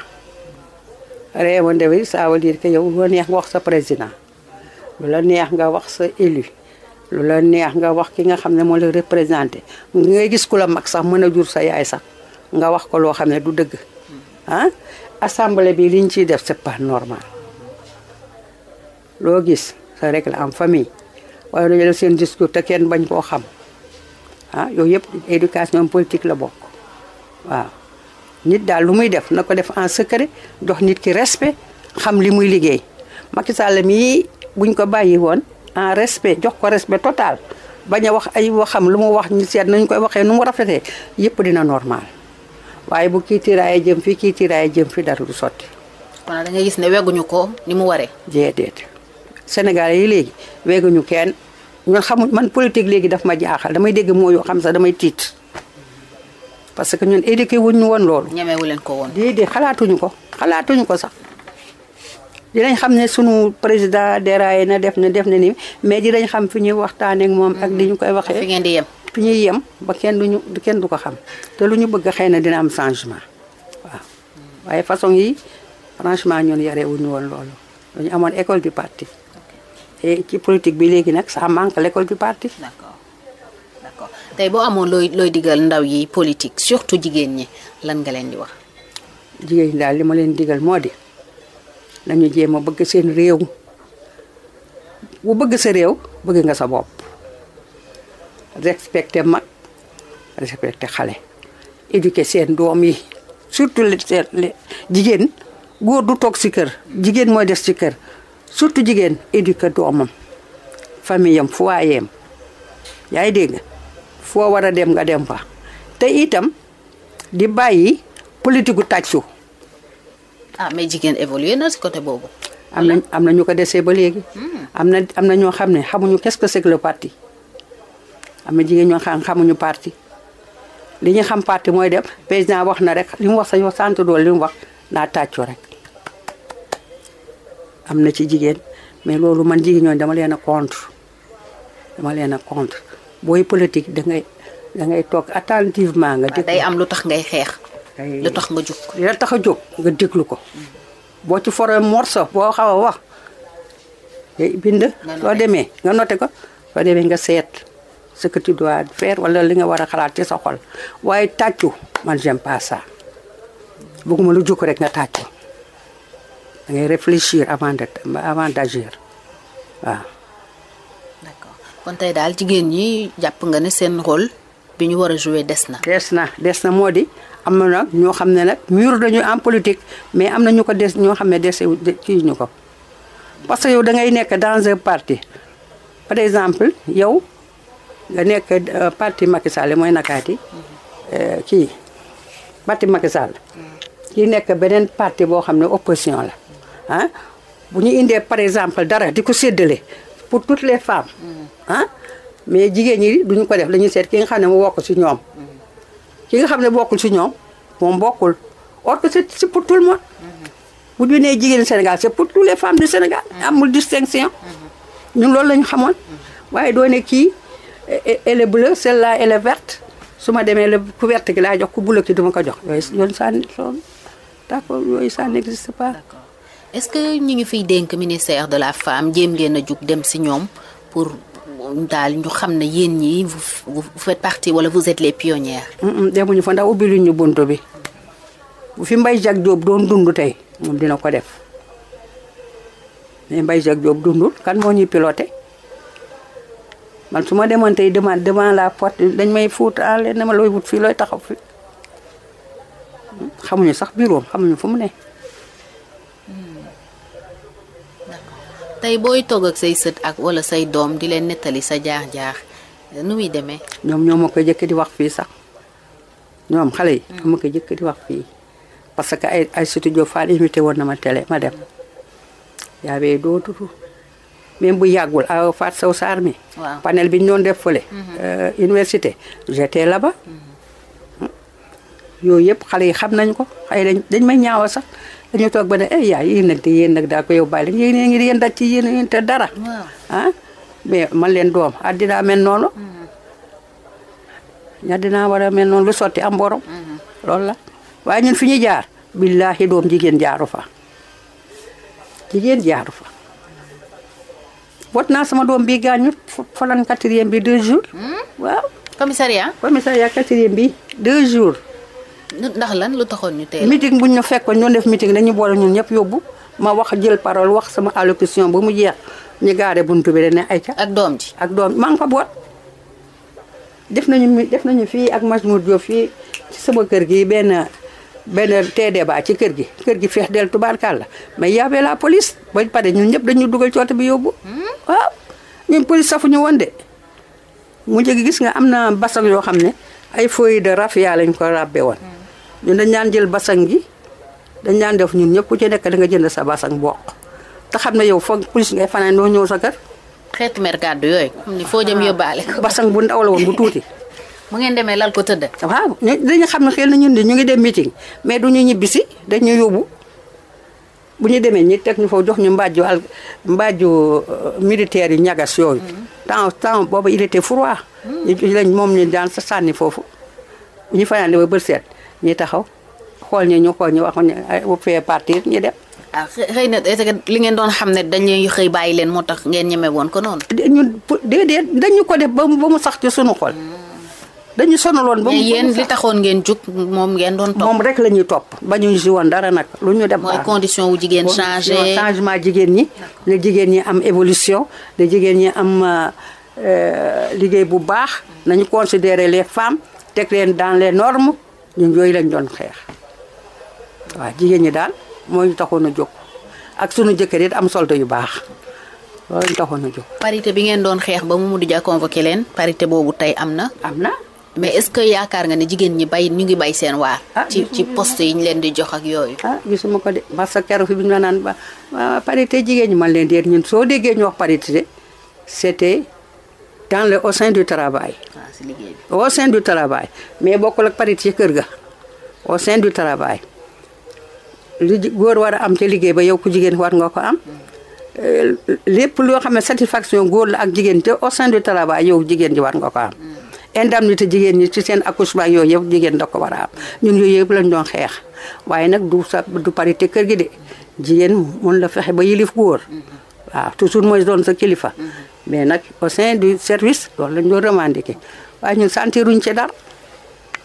réewande bi ça veut yow lu neex nga wax sa président lu la neex nga wax sa élu. lu la neex nga wax ki nga xam ne moo la représenté ngay gis ku la mag sax mën a jur sa yaay sax nga wax ko loo xam ne du dëgg ah bi liñ ciy def c'est pas normal loo gis sa rek la am famille waaye dañu def seen discours te kenn bañ koo xam ah yooyu yëpp éducation politique la bokk waaw nit daal lu muy def na ko def en secret dox nit ki respe xam li muy liggéey Macky Sall mii buñ ko bàyyi woon en respect jox ko respect total bañ a wax ay waxam lu mu wax ñu seet nañ koy waxee nu mu rafetee yëpp dina normal waaye bu kii tiiraay jëm fi kii tiiraay jëm fi dara du sotti. kon da gis ne wegguñu ko ni mu waree. déedéet Sénégal yi léegi wegguñu kenn ñun xamuñ man politique léegi dafa ma jaaxal damay dégg moo xam sax damay tiit parce que ñun éduqué wuñ ñu woon loolu. ñemewu leen ko woon. déedéet xalaatuñu ko xalaatuñu ko sax. dinañ xam ne suñu président déraillé na def na def na ni mais di dinañ xam fi ñuy waxtaaneek moom. ak di ñu koy waxee fi ngeen di yem. fi ñuy yem ba kenn du ñu kenn du ko xam te lu ñu bëgg xëy na dina am changement waaw waaye façon yi franchement ñun yare wuñu woon loolu dañu amoon école du parti. et ci politique bi léegi nag manque l' école du parti. d' accord d' boo amoon looy looy digal ndaw yi politique surtout jigéen ñi lan nga leen di wax. jigéen ñi daal li ma leen digal moo di. nañu jéem a bëgg seen réew bu bëgg sa réew bëgg nga sa bopp respecté mag respecté xale éduqué seen doom yi surtout li seen jigéen góor du toog si kër jigéen mooy des ci kër surtout jigéen éduqué doomam famille am foyer am yaay dégg foo war a dem nga dem fa te itam di bàyyi politique gu tàccu ah mais jigéen évolué na si côté boobu. am na am na ñu ko desee ba léegi. Hmm. am na am na ñoo xam ne xamuñu qu'est-ce que c'est le parti am na jigéen ñoo xam xamuñu parti li ñu xam parti mooy dem président wax na rek li mu wax sa yow sant doole li mu wax naa tàccu rek am na ci jigéen mais loolu man jigéen ñoo dama leen a contre dama leen a contre booy politique da ngay da ngay toog attentivement nga. dégg day am lu tax ngay xeex. la tax nga jóg yaa tax a jóg nga déglu ko boo ci foree morso boo xaw a wax eh, bind soo demee nga noté ko soo demee nga seet ce que tu dois faire wala li nga war a xalaat ci sa xol waaye tàccu man j'aime pas ça bëgguma lu jóg rek nga tàccu da ngay réfléchir avant de avant d'agir waaw. kon tey daal jigéen ñi jàpp nga ne seen rôle. bi ñu war a jouer des na. des na des na moo di am na nag ñoo xam ne nag mur dañu en politique mais am na ñu ko des ñoo xam ne dese kii ñu ko parce que yow da ngay nekk dans un parti par exemple yow nga nekk euh, parti Macky Sall mooy nakaati euh, kii parti Macky Sall kii nekk beneen parti boo xam ne opposition la ah bu ñu indee par exemple dara di ko séddale pour toutes les femmes ah, mais jigéen ñi duñu ko def dañuy seet ki nga xam ne mu bokk si ñoom ki nga xam ne bokkul si ñoom moom bokkul or que c'est pour tout bu ñu nee jigéen Sénégal c'est pour toutes les femmes Sénégal amul distinction ñun loolu lañu ñu xamoon waaye doo ne kii elle est bleue celle-là elle su ma demee la ku verte gi laa jox ku bleue ki ma ko jox yooyu yoon sànni loolu d'accord yooyu ça n'existe pas d'accord ce que ñu ngi fiy denk ministère de la femme jéem ngeen a jug dem si ñoom pour daal ñu xam ne yéen ñi vous faites partie wala vous êtes les pionnières. demuñu fa ndax ubbi lu ñu bunt bi bu fi Mbaye Jacques Diop doon dund tey moom dina ko def mais Mbaye Jacques Diop dundul kan moo ñuy piloté man su ma demoon tey devant devant la porte dañ may fuut aale ne ma looy wut fii looy taxaw fi hmm? xamuñu sax bureau xamuñu fu mu ne. tey booy togg ak say sët ak wala say doom di leen nettali sa jaax-jaax nu muy demee. ñoom ñoo ma koy jëkk di wax fii sax ñoom xale yi. ñoo ma jëkk di wax fii parce que ay ay studio Fall invité woon na ma tele ma dem yaa bee doo tutu même bu yàggul Fatou saw saar mi. waaw bi ñu doon def fële. Mhm. Euh, université j'étais là yooyu yëpp xale yi xam nañ ko xëy dañ dañ may ñaawa sax dañu toog ba ne eh yaay yéen nag te yéen nag daa ko yow bàyyi leen yéen ngi yéen daj ci yéen yéen te dara ah mais man leen doom addinaa mel noonu addinaa mm-hmm. war a mel noonu lu sotti am borom mm-hmm. loolu la waaye ñun fi ñu jaar billaahi doom jigéen jaaru fa jigéen jaaru fa wot naa sama doom bii gaañut falan quatrième bi deux jours hmm? waaw commissariat commissariat quatrième bi deux jours ndax lan lu taxoon ñu teel meeting buñ ñu fekkoon def meeting dañu bool ñun ñëpp yóbbu ma wax jël parole wax sama allocution ba mu jeex ñu gaare buntu bi dana ay ca ak doom ji ak doom maa ngi fa boot def nañu fii ak Majmour Diop fii ci sama kër gi benn benn tee débat ci kër gi kër gi feex del tubaarkàlla mais y avait la police ba pare ñun ñëpp dañu dugal cooto bi yóbbu hmm? waaw ñun police safuñu woon de mu jëgi gis nga am na basang yoo xam ne ay feuilles de raffia lañ ko ràbbe woon hmm. ñun dañ daan jël basang gi dañ daan def ñun ñëpp ku ci nekk da nga jënd sa basang bokk te xam ne yow foog police ngay fanaan doo ñëw sa kër. xeetu mer gàddu yooyu. ni foo jëm yóbbaale. bu ndaw la woon bu tuuti. mu ngeen demee lal ko tëdd. waaw dañu xam ne xel na ñun de ñu ngi dem meeting mais du ñu ñibbisi dañu yóbbu bu ñu demee ñi teg ñu foofu jox ñu mbaaju al mbaaju euh, militaire yu ñagas yooyu. Mm-hmm. temps temps boobu il était froid. Mm-hmm. ñu lañ moom ñu daan sa sànni foofu ñu fanaan ba bët seet. ñu taxaw xool ñu ñu xool ñu wax ñu bu fee partir ñu dem. ah xëy na est li ngeen doon xam ne dañ leen xëy bàyyi leen moo tax ngeen ñeme woon ko noonu. ñun déedéet dañu ko def ba mu sax ci sunu xol. dañu sonaloon ba mu yéen li ngeen jug moom ngeen doon topp rek la ñuy topp ba ñu si woon dara nag lu ñu dem mooy condition wu jigéen changé changement jigéen ñi la jigéen ñi am évolution la jigéen ñi am euh, liggéey bu baax nañu considérer les femmes teg leen dans les normes ñun yooyu lañ doon xeex waaw jigéen ñi daal moo ñu taxoon a jóg ak sunu jëkkër it am solde yu baax loolu ñu taxoon a jóg. parité bi ngeen doon xeex ba mu Mamadou Dia convoqué leen parité boobu tey am na. am na mais est-ce que yaakaar nga ne jigéen ñi bay ñu ngi bay seen waar. Ah, ci ci yi ñu leen di jox ak yooyu. ah gisuma ko de parce que keroog fi bi ñu naan ba parité jigéen ñi man leen di ñun soo déggee ñu wax parité c'était dans le au sein du travail. Ah, au sein du travail mais bokkul ak parit ci kër ga. au sein du travail lu góor war a am ci liggéey ba yow ku jigéen war nga ko am. Euh, lépp loo xam ne satisfaction góor la ak jigéen te au sein du travail yow jigéen ji war nga ko am. Hmm. indemnité jigéen ñi ci seen accouchement yooyu yëpp jigéen da ko war a am ñun yooyu yëpp lañu doon xeex waaye nag du sa du parité kër gi de jigéen mun la fexe ba yilif góor hmm. waaw toujours mooy doon sa kilifa. Mhm. mais nag au sein du service loolu lañ doon revendiqué waaye ñun sentiruñ ci dara.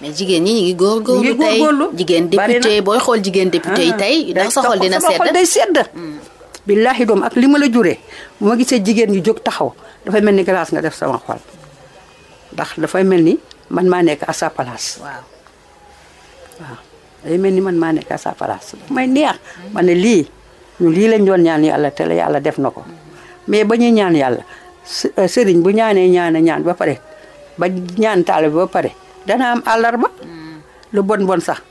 mais jigéen ñi ñu ngi góorgóorlu. ñu ngi jigéen député booy xool jigéen député yi ah, tey. ndax sa xol dina sedd xol day sedd. Mm. billaahi ak li ma la juree bu ma gisee jigéen ñu jóg taxaw dafay mel ni glace nga def sama xol ndax dafay mel ni man maa nekk à sa place. mel ni man maa nekk à sa may neex mm. ma ne lii. ñu lii leen ñoon ñaan yàlla te la yàlla def na ko mais ba ñuy ñaan yàlla euh, sëriñ bu ñaanee ñaan ñaan ba pare ba ñaan taalibe ba pare dana am àllarba mm. lu bon bon sax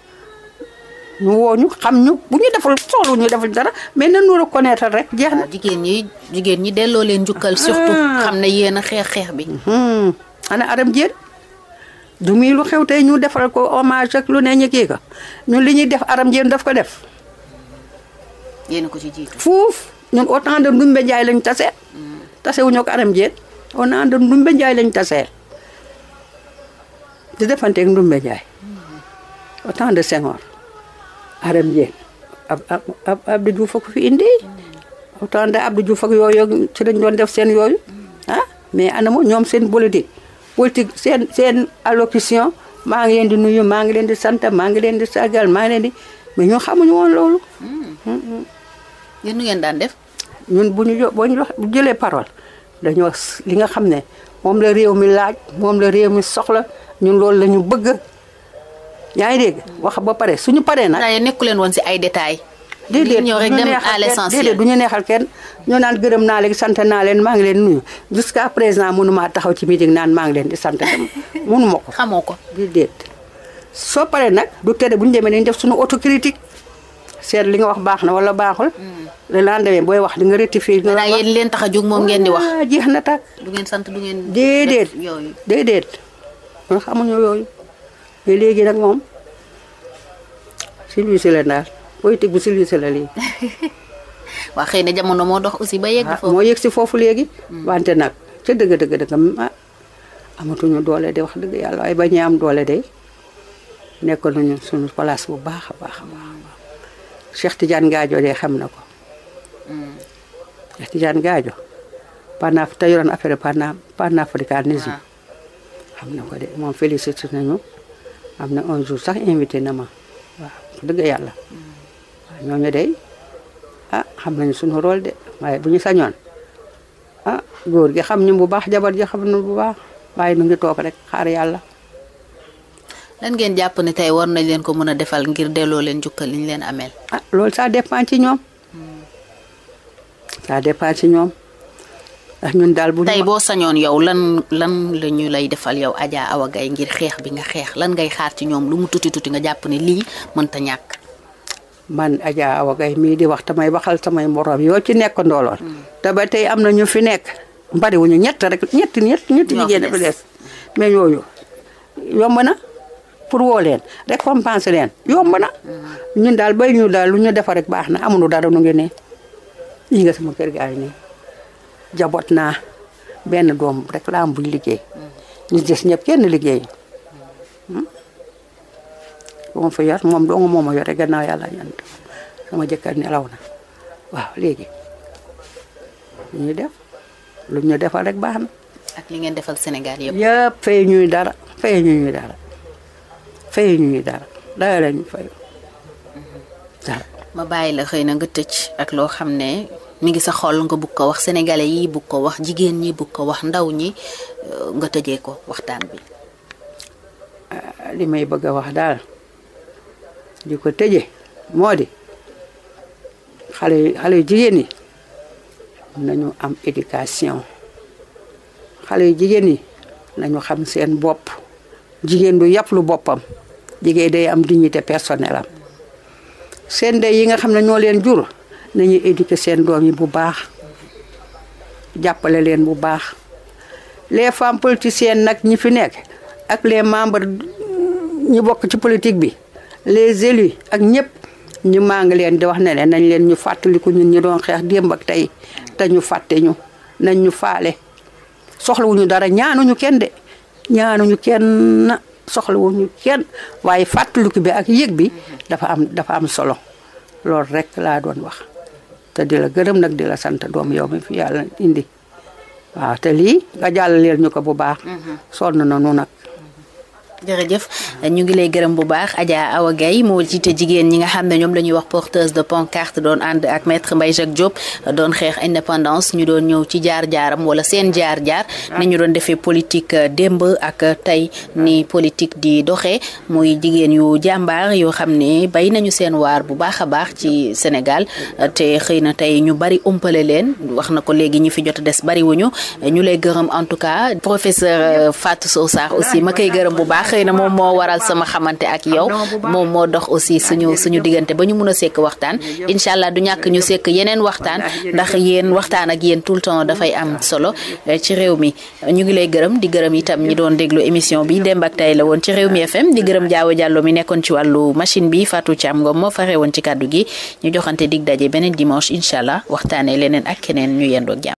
ñu woo ñu xam ñu bu ñu deful soxlu ñu deful dara mais na ñu reconnaître rek jeex na. Ah, jigéen ñi jigéen ñi delloo leen njukkal. surtout ah. xam na yéen xeex xeex bi. Hmm. ana aram jéen du muy lu xew te ñu defal ko hommage ak lu ne ñu kii ko ñun li ñuy def aram jéen daf ko def. yéen ko ci jiitu. fuuf ñun au temps de Ndumbe lañ tase. tase wu ñoo ko anam jéen au temps de lañ tase di defanteeg Ndumbe Ndiaye mm-hmm. au temps de Senghor aram jéen ab ab Abdou Diouf fi indi mm-hmm. au temps de Abdou Diouf ak yooyu ci lañ doon def seen yooyu mm-hmm. ah mais anamo ñoom seen politique politique seen seen allocution maa ngi leen di nuyu maa ngi leen di sant maa ngi leen di sargal maa leen di mais ñoo xamuñu woon loolu Hmm, hmm. yéen nu ngeen daan def. ñun bu ñu boo ñu jëlee parole dañu wax li nga xam ne moom la réew mi laaj moom la réew mi soxla ñun loolu la ñu bëgg yaa ngi dégg wax ba pare suñu paree nag. waaye leen woon si ay détails. déedéet ñëw rek dem à l'essentiel déedéet du ñu neexal kenn ñoo naan gërëm naa leen sant naa leen maa ngi leen nuyu jusqu'à présent mënumaa taxaw ci meeting naan maa ngi leen di sant dem mënuma ko. xamoo ko déedéet. soo paree nag du tere bu ñu demee nañ def suñu autocritique seet li nga wax baax na wala baaxul. le lendemain booy wax di nga rectifier. nga wax yéen leen a jóg moom ngeen di wax. Ah, jeex na tàkk. du ngeen sant du ngeen. déedéet déedéet. ñun xamuñu yooyu mais léegi nag moom silvissé la daal politique bu silvissé la léegi. waa xëy na jamono moo dox aussi ba yegg. Ah, foofu moo yegg si foofu léegi. Hmm. wante nag ca dëgg dëgg dëgg ah, amatuñu doole de wax dëgg yàlla ay ba ñuy am doole de nekkoon nañu suñu place bu baax baax. Cheikh Tidiane gaajo de xam na ko. Mm. Cheikh Tidiane Gadio panaf te yoroon affaire panaf panafricanisme. Mm. xam na ko de moom félicité nañu am na un jour sax invité na ma waaw dëgg yàlla. Mm. waaw ñooñu ah xam nañu suñu rôle de waaye bu ñu sañoon ah góor gi xam ñu bu baax jabar ji xam na bu baax waaye nu ngi toog rek xaar yàlla. lan ngeen jàpp ne tey war nañ leen ko mën a defal ngir delloo leen njukkal li ñu leen ameel. ah loolu ça dépend ci ñoom. ça dépend ci ñoom. ndax ñun daal bu tey boo sañoon yow lan lan la ñu lay defal yow Adja Awa Gaye ngir xeex bi nga xeex lan ngay xaar ci ñoom lu mu tuti tuti nga jàpp ni lii mënta ñàkk. man Adja Awa mii di wax tamay waxal samay morom yoo ci nekk ndooloon. Mm. te ba tey am na ñu fi nekk. bariwuñu ñett rek ñetti ñett ñetti jigéen dafa des. mais yooyu yomb na. pour woo leen récompense leen yomb na. ñun daal bay ñu daal lu ñu defar rek baax na amuñu dara nu ngi ne sama kër gaa ngi nii jaboot naa benn doom rek liggéey. ñu kenn liggéey. bu hmm? ma moom dong moo yore gannaaw yàlla ñan sama nelaw na waaw léegi ñu def lu ñu defar rek baax na. ak li ngeen defal Sénégal yëpp. yëpp fay ñuy dara fay ñuy dara. fayu ñu dara dara la ñu fayu ma bàyyi la xëy na nga tëj ak loo xam ne mi ngi sa xol nga bugg ko wax sénégalais yi bugg ko wax jigéen ñi bugg ko wax ndaw ñi euh, nga tëjee ko waxtaan bi. Ah, li may bëgg a wax daal di ko tëje moo di xale yu xale jigéen yi nañu am éducation xale yu jigéen yi nañu xam seen bopp jigéen du yàpp lu boppam liggéey day am dignité personnel am seen ndey yi nga xam ne ñoo leen jur nañuy éduquer seen doom yi bu baax jàppale leen bu baax les femmes seen nag ñi fi nekk ak les membres ñu bokk ci politique bi les élus ak ñëpp ñu maa ngi leen di wax ne ne nañ leen ñu fàttaliku ñun ñu doon xeex démb ak tey dañu ñu fàtte ñu faale soxlawuñu dara ñaanuñu kenn de ñaanuñu kenn soxlawuñu kenn waaye fàttaliku bi ak yëg bi dafa am dafa am solo loolu rek laa doon wax te di la gërëm nag di la sant doom yow mi fi yàlla indi waa te lii nga jàll jàllaleel ñu ko bu baax mm-hmm. sonn na nu nag jërëjëf ñu ngi lay gërëm bu baax Adja Awa Gaye moo jiite jigéen ñi nga xam ne ñoom la ñuy wax porteuse de pancarte doon ànd ak maître Mbaye Jacques Diop doon xeex indépendance ñu doon ñëw ci jaar-jaaram wala seen jaar-jaar ah. ni ñu doon defee politique euh, démb ak tey ni politique di doxee muy jigéen yu jàmbaar yoo xam ne bay nañu seen waar bu baax a baax ci Sénégal te xëy na tey ñu bari umpale leen wax na ko léegi ñi fi jot des bari ñu lay gërëm en tout cas professeur euh, Fatou gërëm bu baax xëy na moom moo waral sama xamante ak yow moom moo dox aussi suñu suñu diggante ba ñu mun a sekk waxtaan incha allah du ñàkk ñu sekk yeneen waxtaan ndax yéen waxtaan ak yéen tout le temps dafay am solo euh, ci réew mi ñu ngi lay gërëm di gërëm itam ñi doon déglu émission bi dem ak tay la woon ci réew mi FM di gërëm Jaawo Jàllo mi nekkoon ci wàllu machine bi Fatou Thiam Ngom moo fare woon ci kàddu gi ñu joxante dig daje beneen dimanche incha allah waxtaanee leneen ak keneen ñu yendoog